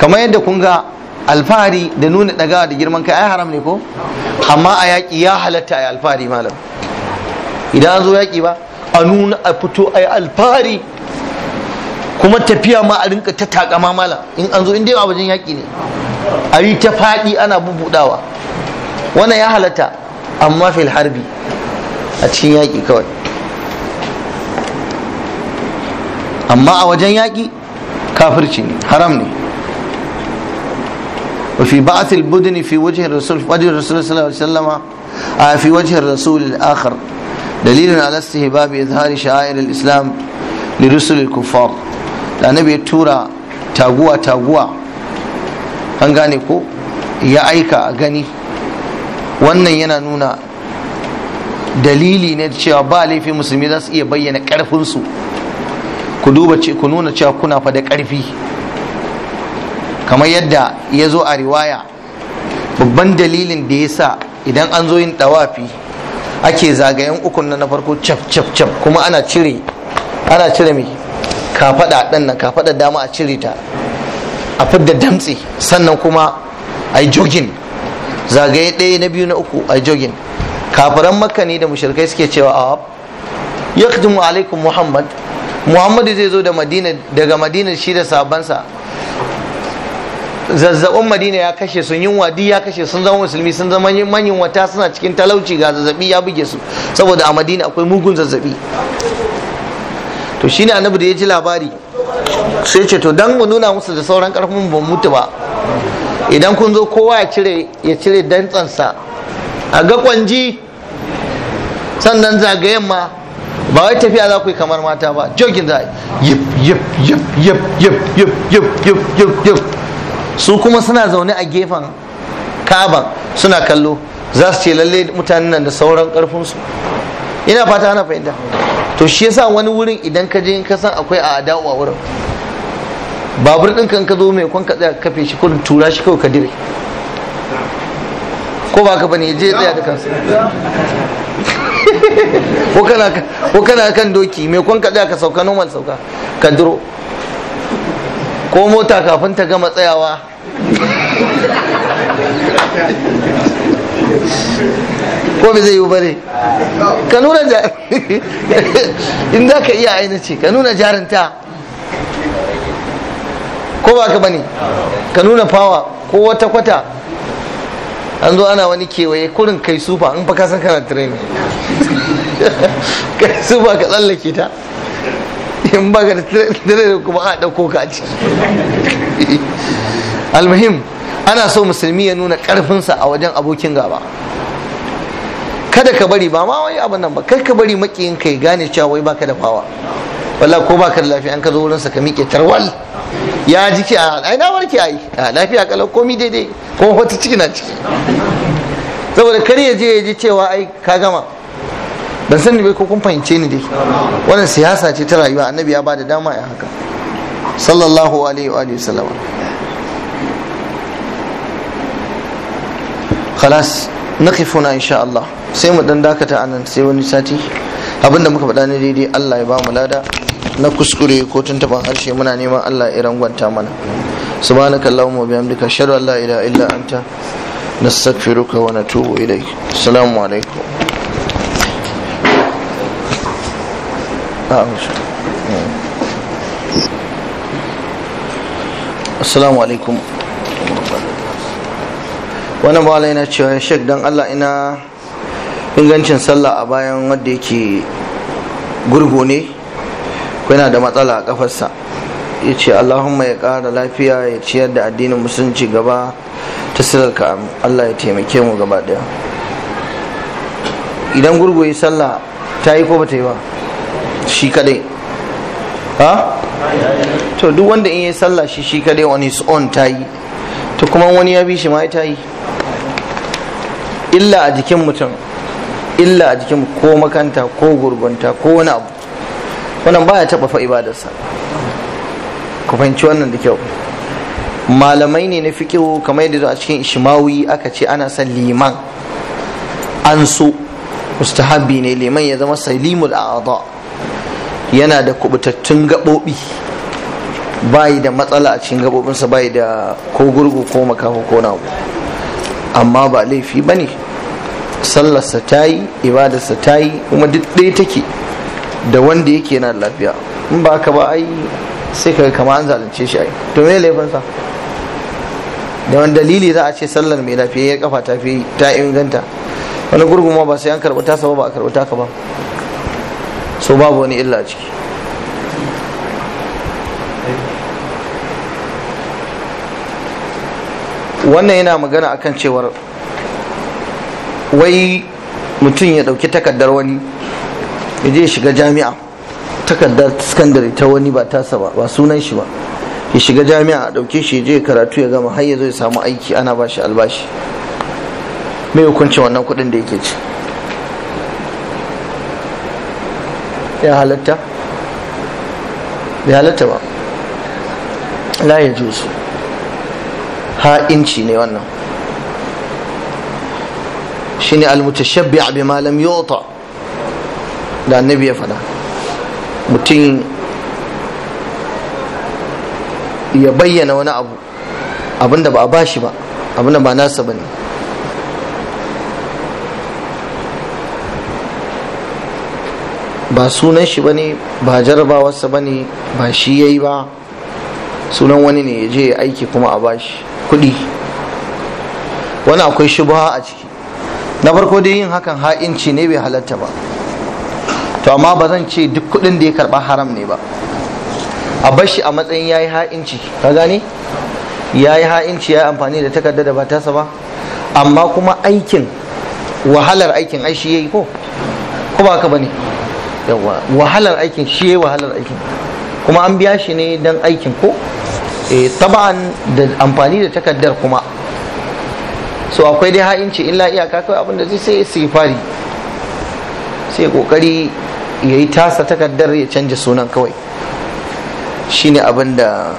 kama yadda kun ga alfahari da nuna dagawa da girman kai ai haram ne ko amma a yaki ya halatta ai alfahari malam idan an zo yaki ba a nuna a fito a yi alfahari kuma tafiya ma a rinka ta takama mala in an zo in dai wajen yaƙi ne a yi ta faɗi ana bubuɗawa Wani ya halatta amma fil harbi a cikin yaƙi kawai amma a wajen yaƙi kafirci ne haram ne وفي بعث البدن في وجه الرسول في وجه الرسول صلى الله عليه وسلم في وجه الرسول الآخر dalilin على استهباب izhari شعائر al-islam الكفار rusul al da annabi ya tura taguwa taguwa an gane a gani wannan yana nuna dalili ne cewa ba laifin musulmi za su iya bayyana ƙarfinsu ku duba ce ku nuna cewa kuna fa da ƙarfi kamar yadda ya zo a riwaya babban dalilin da ya sa idan an zo yin ɗawafi ake zagayen ukun na farko cap cap cap kuma ana cire ana cire mai kafada ɗan nan kafada dama a cire ta a fidda damtse sannan kuma a yi jogin zagaye ɗaya na biyu na uku a yi jogin kafiran makka ne da mushrikai suke cewa a yakdumu alaikum muhammad muhammadu zai zo da madina daga madina shi da sabansa zazzabin madina ya kashe sun yunwa duk ya kashe sun zama musulmi sun zama manyan wata suna cikin talauci ga zazzabi ya buge su saboda a madina akwai mugun zazzabi to shine annabi da ya ji labari sai ce to dan mu nuna musu da sauran karfin mu mutu ba idan kun zo kowa ya cire ya cire dantsansa a ga kwanji sannan zagayen ma ba wai tafiya za ku yi kamar mata ba jogin za yip yip yip yip yip yip yip yip yip su kuma suna zaune a gefen kaban suna kallo za su ce lalle mutanen nan da sauran karfinsu ina fata ana fahimta to shi yasa wani wurin idan ka je ka san akwai a adawa wurin babur din kan ka zo mai kwan ka tsaya ka kafe shi kurin tura shi kawai ka dire ko ba ka bane je tsaya da kansa [LAUGHS] ko kana kan doki mai kwan ka tsaya ka sauka noman sauka ka duro ko mota kafin ta gama tsayawa ko bai zai yi ba ne ka nuna [LAUGHS] in inda ka iya aina ce ka nuna jarinta ko ba ka bane ka nuna fawa ko wata kwata an zo ana wani kewaye kurin kai sufa in fa ka san kana training [LAUGHS] kai sufa ka tsallake ta in baka da kuma a ɗauko ka a almuhim ana so musulmi ya nuna ƙarfinsa a wajen abokin gaba kada ka bari ba ma wai abin nan ba kai ka bari makiyin ka ya gane cewa wai baka da fawa Wala ko baka da lafiya an ka zo wurin sa ka miƙe tarwal ya ji ki a ah, ai na warke ai ah, lafiya kala komi daidai ko wata ciki na ciki saboda kar ya je ya ji cewa ai ka gama ban sani bai ko kun fahimce ni dai wannan siyasa ce ta rayuwa annabi ya bada dama ya haka sallallahu alaihi wa sallama khalas nakifuna insha Allah sai mu dan dakata anan sai wani sati abinda muka faɗa ne daidai Allah ya ba mu lada na kuskure ko taban harshe muna neman Allah ya rangwanta mana allahumma wa bihamdika ashhadu an la ilaha illa anta nastaghfiruka wa natubu ilaik assalamu alaikum assalamu alaikum wani bala yana cewa ya shek don allah ina ingancin sallah a bayan wadda yake gurgu ne ko yana da matsala a kafarsa ya ce allahumma ya kara lafiya ya ciyar da addinin musulunci gaba ta sirarka allah ya taimake mu gaba daya idan gurgu ya sallah ta yi ko ba ta yi ba shi kadai ha to duk wanda in yi sallah shi shi kadai on his own ta yi to kuma wani ya bi shi ma ta yi illa a jikin mutum illa a jikin ko makanta ko gurgunta ko wani abu wannan baya taba fa ibadarsa ku fahimci wannan da kyau malamai ne na fikihu kamar yadda a cikin ishmawi aka ce ana son liman an so mustahabi ne liman ya zama salimul a'adha yana da kubutattun gaɓoɓi bayi da matsala a cikin gaɓoɓinsa bayi da ko gurgu ko makaho ko na amma ba laifi ba ne sallarsa ta yi ibadarsa ta yi kuma duk ɗaya take da wanda yake yana da lafiya in ba ka ba ai sai ka kama an zalunce shi ai to me laifinsa da wani dalili za a ce sallar mai lafiya ya kafa ta fi ta inganta wani gurgu ma ba sai an karɓi ta ba ba a karɓi taka ba so babu wani illa ciki wannan yana magana akan cewar wai mutum ya dauki takardar wani ya je shiga jami'a takardar sakandare ta wani ba tasa ba ba sunan shi ba ya shiga jami'a a dauke shi je karatu ya gama har ya zo ya samu aiki ana ba shi albashi mai hukuncin wannan kudin da yake ci ya halatta bai halatta ba la ya su ha'inci ne wannan shine almutashabbi bi ma lam da annabi ya faɗa mutum ya bayyana wani abu abinda ba a bashi ba abinda ba nasa ba ne. ba sunan shi bane ba jarabawarsa bane ba shi yayi ba sunan wani ne ya je ya aiki kuma a bashi kudi wani akwai shubha a ciki na farko dai yin hakan ha'inci ne bai halatta ba to amma ba zan ce duk kudin da ya karba haram ne ba a bashi a matsayin ya yi ha'inci ka gane ya yi ha'inci ya yi amfani da takarda da ba tasa ba amma kuma aikin wahalar aikin ai shi ya yi ko ko ba haka ba ne yawa wahalar aikin shi ya wahalar aikin kuma an biya shi ne don aikin ko eh taba'an da amfani da takardar kuma so akwai dai ha'inci illa iyaka kawai abinda zai sai fari. sai kokari ya yi tasa takardar ya canja sunan kawai ne abinda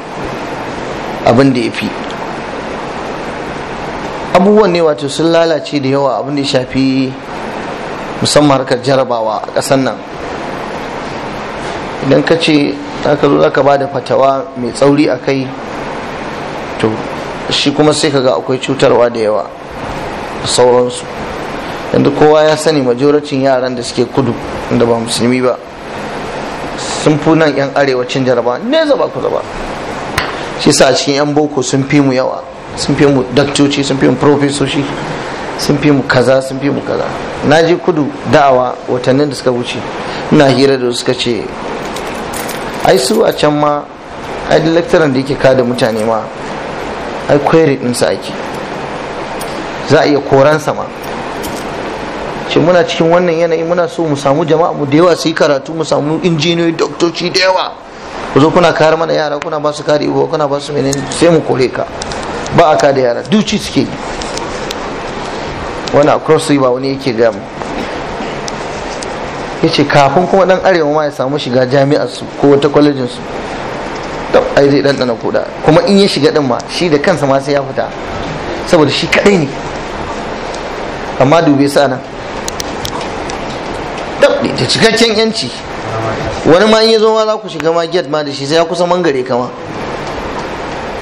abinda ya fi abubuwan ne wato sun lalace da yawa abinda ya shafi musamman harkar jarabawa a ƙasar nan idan ka ce aka zo zaka ba da fatawa mai tsauri a kai to shi kuma sai ka ga akwai cutarwa da yawa sauransu yadda kowa ya sani majoracin yaran da suke kudu da ba musulmi ba sun fi nan yan arewacin jaraba ne zaba ku zaba shi sa cikin yan boko sun fi mu yawa sun fi mu daktoci sun fi mu profesoshi sun fi mu kaza sun fi mu kaza na je kudu da'awa watannin da suka wuce ina hira da suka ce ai su a can ma ai da lecturer da yake kada mutane ma ai query sa ake za a iya koransa ma ce muna cikin wannan yanayi muna so mu samu jama'a mu da yawa su yi karatu mu samu injiniyoyi doktoci da yawa ku zo kuna kayar mana yara kuna ba su kare ibo kuna ba su menene sai mu kore ka ba a ka da yara duci suke yi wani across river wani yake gamu ya ce kafin kuma dan arewa ma ya samu shiga jami'ar su ko wata kwalejin su da ai zai dan kuda kuma in ya shiga din ma shi da kansa ma sai ya fita saboda shi kadai ne amma dube sa nan dabɗe da cikakken yanci wani ma in ya zo ma za ku shiga ma get ma da shi sai ya kusa mangare kama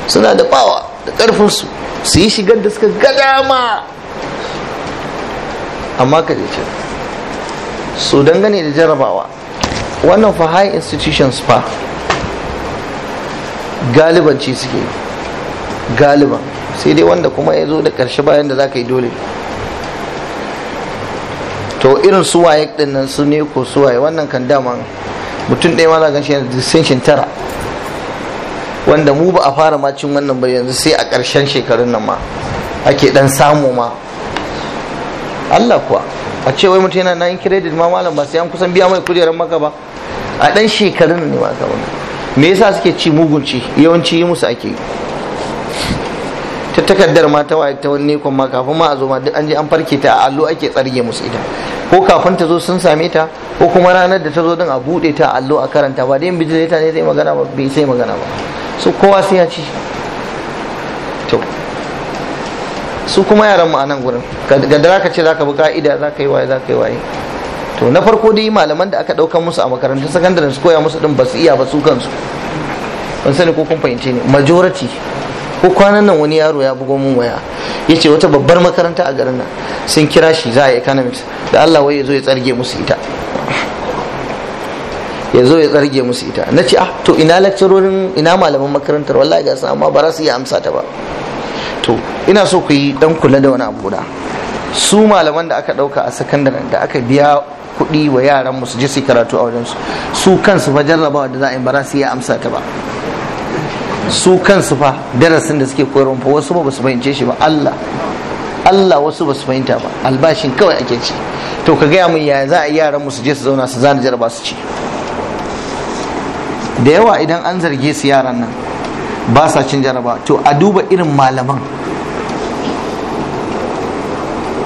suna da bawa da karfin su su yi shigar da suka ga dama amma ka je su dangane da jarabawa wannan fa high institutions fa galibanci suke galiban sai dai wanda kuma ya zo da ƙarshe bayan da za ka yi dole to irin suwaye ɗin nan su ne ko suwaye wannan kan dama mutum ɗaya ma za gan shi yana distinction tara wanda mu ba a fara macin wannan ba yanzu sai a ƙarshen shekarun nan ma ake ɗan samu ma Allah kuwa a ce wai mutum yana yin credit ma malam ba sai an kusan biya mai kujerar maka ba a dan shekarun ne ba ka me yasa suke ci mugunci yawanci yi musu ake ta takardar ma ta ta wani kwan kafin ma a zo ma duk an je an farke ta a allo ake tsarge musu ita ko kafin ta zo sun same ta ko kuma ranar da ta zo din a buɗe ta allo a karanta ba dai ta ne zai magana ba bai sai magana ba su kowa sai ya ci su kuma yaran mu a nan gurin gadara ka ce zaka bi ka'ida zaka yi waye zaka yi waye to na farko dai malaman da aka daukan musu a makarantar sakandare su koya musu din ba su iya ba su kansu ban sani ko kun fahimce ne majority ko kwanan nan wani yaro ya bugo mun waya ya ce wata babbar makaranta a garin nan sun kira shi za a economics da Allah wai ya zo ya tsarge musu ita ya zo ya tsarge musu ita na ce ah to ina ina malaman makarantar wallahi ga su amma ba za su iya amsa ta ba to ina so ku yi dan kula da wani abu da su malaman da aka dauka a sakandare da aka biya kuɗi wa yaran su je su karatu a wajensu su kansu fa jarrabawa da za a yi ba su amsa ta ba su kansu fa darasin da suke koyarwa fa wasu ba su fahimce shi ba Allah Allah wasu ba su fahimta ba albashin kawai ake ci to ka gaya min yaya za a yi yaran su je su zauna su zana jarraba su ci da yawa idan an zarge su yaran nan ba sa cin jaraba to a duba irin malaman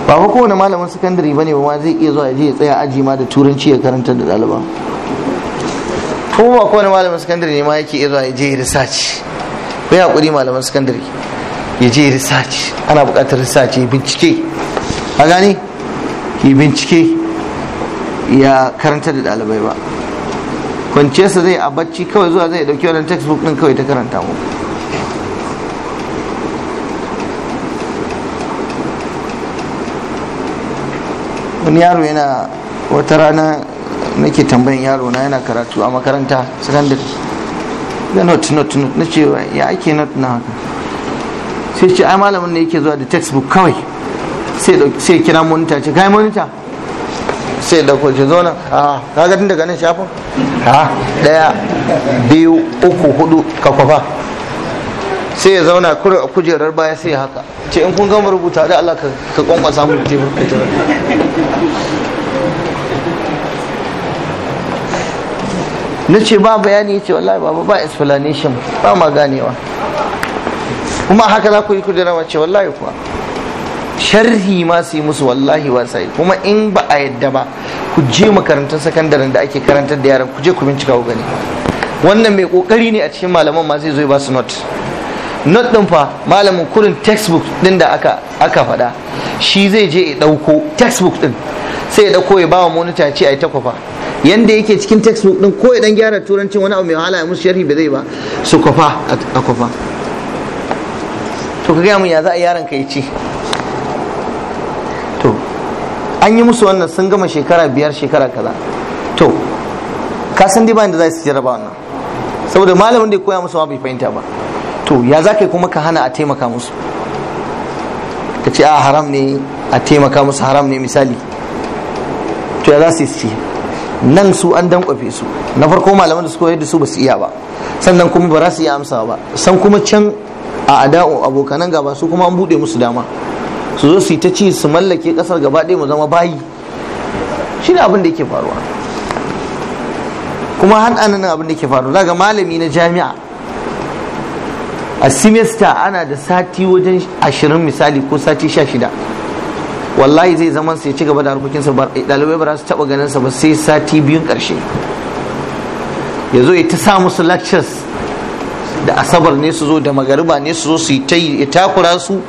ba fa kowane malamin sakandare ne ba zai iya zuwa ya tsaya aji ma da turanci ya karanta da ɗaliba. ko ba kowane malamin sakandare ne ma yake iya zuwa ya je research ya hakuri malaman sakandare ya je risaci ana buƙatar risaci ya bincike a gani ya bincike ya karanta da ɗalibai ba kwanciyarsa zai a bacci kawai zuwa zai dauki wannan textbook din kawai ta karanta mu wani yaro yana wata rana nake tambayin yaro na yana karatu a makaranta secondary da not not not na ce ya ake not na haka sai ce ai malamin ne yake zuwa da textbook kawai sai kira monita ce kai monita sai da shi zonan a kaga da ganin shafin a daya biyu uku hudu ka kwafa sai ya zauna a kujerar baya sai ya haka ce in kun gama rubuta da Allah ka kwanwa samun je ka na ce ba bayani ya ce wallahi ba ba explanation ba ma ganewa kuma haka za ku yi kujerar wace wallahi kuwa sharhi ma su yi musu wallahi wasai kuma in ba a yadda ba ku je makarantar sakandaren da ake karantar da yaran ku je ku bincika ku gani wannan mai kokari ne a cikin malaman ma zai zo ba su not not din fa malamin kurin textbook din da aka aka faɗa shi zai je ya dauko textbook din sai ya ɗauko ya ba wa monita ya ce a takwafa yanda yake cikin textbook din ko ya dan gyara turancin wani abu mai wahala ya musu sharhi ba zai ba su kwafa a kwafa to ka gaya mun ya za a yaron ka ya ce an yi musu wannan sun gama shekara biyar shekara kaza to ka san dai bayan da za su jarraba wannan saboda malamin da ya koya musu ma bai fahimta ba to ya za ka kuma ka hana a taimaka musu ka ce a haram ne a taimaka musu haram ne misali to ya za su ci, nan su an dankwafe su na farko malaman da suka koyar da su ba su iya ba sannan kuma ba za su iya amsa ba san kuma can a ada'u abokanan gaba su kuma an bude musu dama su zo su yi ta ci su mallake kasar gaba ɗaya mu zama bayi shi ne abin da yake faruwa kuma har anan abin da yake faruwa daga malami na jami'a a semester ana da sati wajen ashirin misali ko sati sha shida wallahi zai zaman sai ci gaba da sa ɗalibai ba za su taɓa ganin sa ba sai sati biyun ƙarshe ya zo ya ta sa musu lectures da asabar ne su zo da magariba ne su zo su yi ta takura su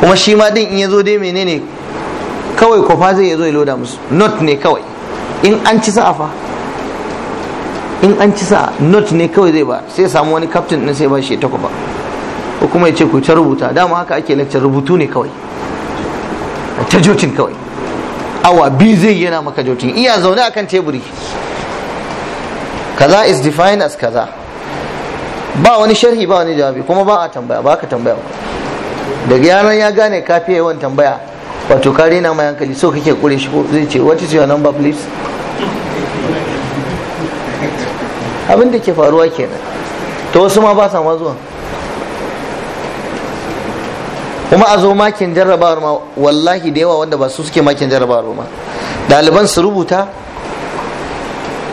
kuma shi ma din in ya zo dai menene kawai kwafa zai ya zo ya loda musu not ne kawai in an ci sa'a fa in an ci sa'a not ne kawai zai ba sai samu wani captain din sai ba shi ta ba. ko kuma ya ce ku ta rubuta dama haka ake lecture rubutu ne kawai ta jotin kawai awa bi zai yana maka jotin iya zaune akan teburi kaza is defined as kaza ba wani sharhi ba wani jawabi kuma ba a tambaya ba ka tambaya ba daga yaran ya gane ka fiye yawan tambaya wato ka rena mai hankali so kake kure shi ko zai ce what is your number please abin da ke faruwa kenan ta wasu ma ba sa ma zuwa kuma a zo makin jarrabawar ma wallahi da yawa wanda ba su suke makin jarrabawar ma ɗaliban su rubuta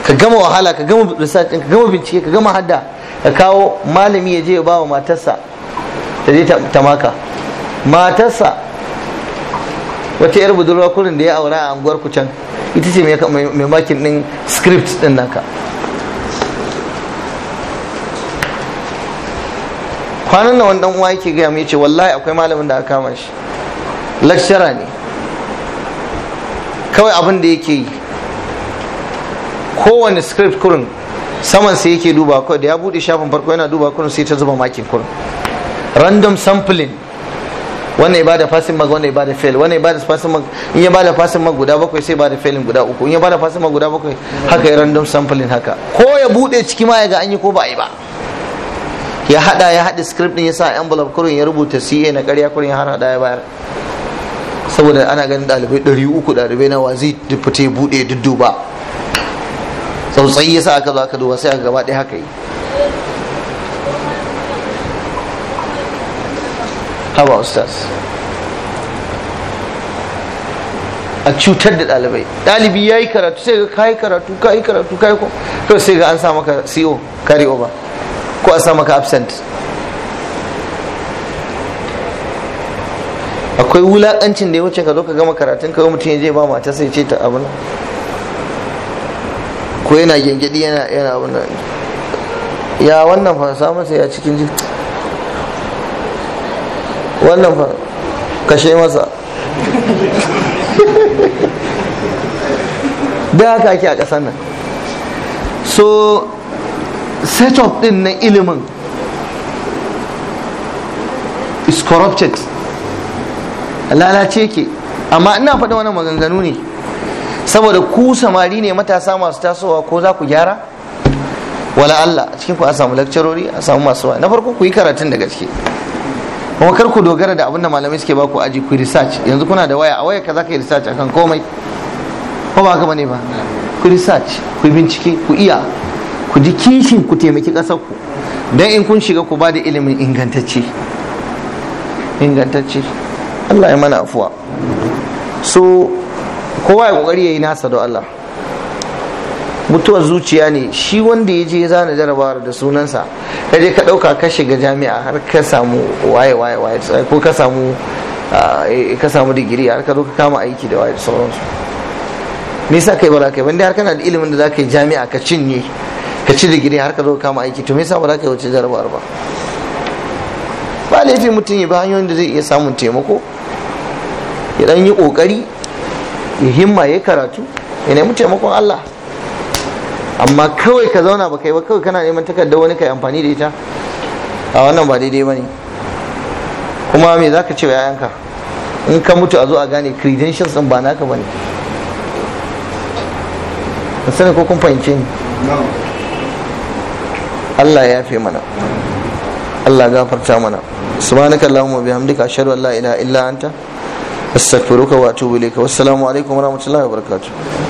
ka gama wahala ka gama research ka gama bincike ka gama hadda ka kawo malami ya je ya ba wa matarsa ta je ta maka matarsa wata yar budurwa kurin da ya aura a anguwar ku can ita ce mai makin din script din naka kwanan na wani uwa yake gaya mai ce wallahi akwai malamin da aka kama shi lakshara ne kawai abin da yake yi kowane script kurin saman sai yake duba kawai da ya bude shafin farko yana duba kurin sai ta zuba makin kurin random sampling wannan ya bada passing mark wannan ya bada fail wannan ya bada passing mark in ya bada passing mark guda bakwai sai bada failing guda uku in ya bada passing mark guda bakwai haka ya random sampling haka ko ya bude ciki ma ya ga an yi ko ba a yi ba ya hada ya hada script din ya sa envelope kurin ya rubuta CA na ƙarya kurin ya har hada ya bayar saboda ana ganin ɗalibai ɗari uku ɗalibai na wazi fita ya buɗe dudduba tsautsayi ya sa aka zo aka duba sai aka gaba ɗaya haka yi haba ustaz a cutar da ɗalibai ɗalibi ya yi karatu sai ga ka yi karatu ka yi karatu ka yi ko to sai ga an sa maka co carry over ko a sa maka absent akwai wulaƙancin da ya wuce ka zo ka gama karatun kawai mutum ya je ba mata sai ce ta abin ko yana gyangyaɗi yana yana abin ya wannan fa samun sai ya cikin jiki wannan fa kashe masa da haka ake a ƙasar nan so set of din na ilimin is corrupted lalace ke amma ina faɗa wani maganganu ne saboda ku samari ne matasa masu tasowa ko za ku gyara wala Allah a cikin ku a samu lakcarori a samu masu na farko ku yi karatun daga ciki. kuma kar ku dogara da abin da malamai suke baku aji ku research yanzu kuna da waya a waya ka za ka yi research akan komai ko ba ka bane ba ku research ku bincike ku iya ku ji kishin ku taimaki kasar ku dan in kun shiga ku ba da ilimin ingantacce ingantacce Allah ya mana afuwa so kowa ya kokari yayi nasa don Allah mutuwar zuciya ne shi wanda ya je zana jarabawar da sunansa ka je ka ɗauka ka shiga jami'a har ka samu waye waye waye ko ka samu eh, ka samu digiri har ka zo ka kama aiki da waye da sauransu me yasa kai ba za ka yi har kana da ilimin da za ka yi jami'a ka cinye ka ci digiri har ka zo ka kama aiki to me yasa ba za ka yi wuce jarabawar ba ba laifin mutum ya ba hanyoyin da zai iya samun taimako ya dan yi kokari ya himma ya karatu ya nemi taimakon Allah amma kawai ka zauna ba kai ba kawai kana neman takardar wani kai amfani da ita a wannan ba daidai ba ne kuma me za ka ce wa 'ya'yanka in ka mutu a zo a gane credentials din ba naka ba ne ka sani ko kun fahimce ni Allah ya fi mana Allah gafarta mana subhanaka allahumma bihamdika ashhadu an la ilaha illa anta astaghfiruka wa atubu ilayka wassalamu alaikum wa wabarakatuh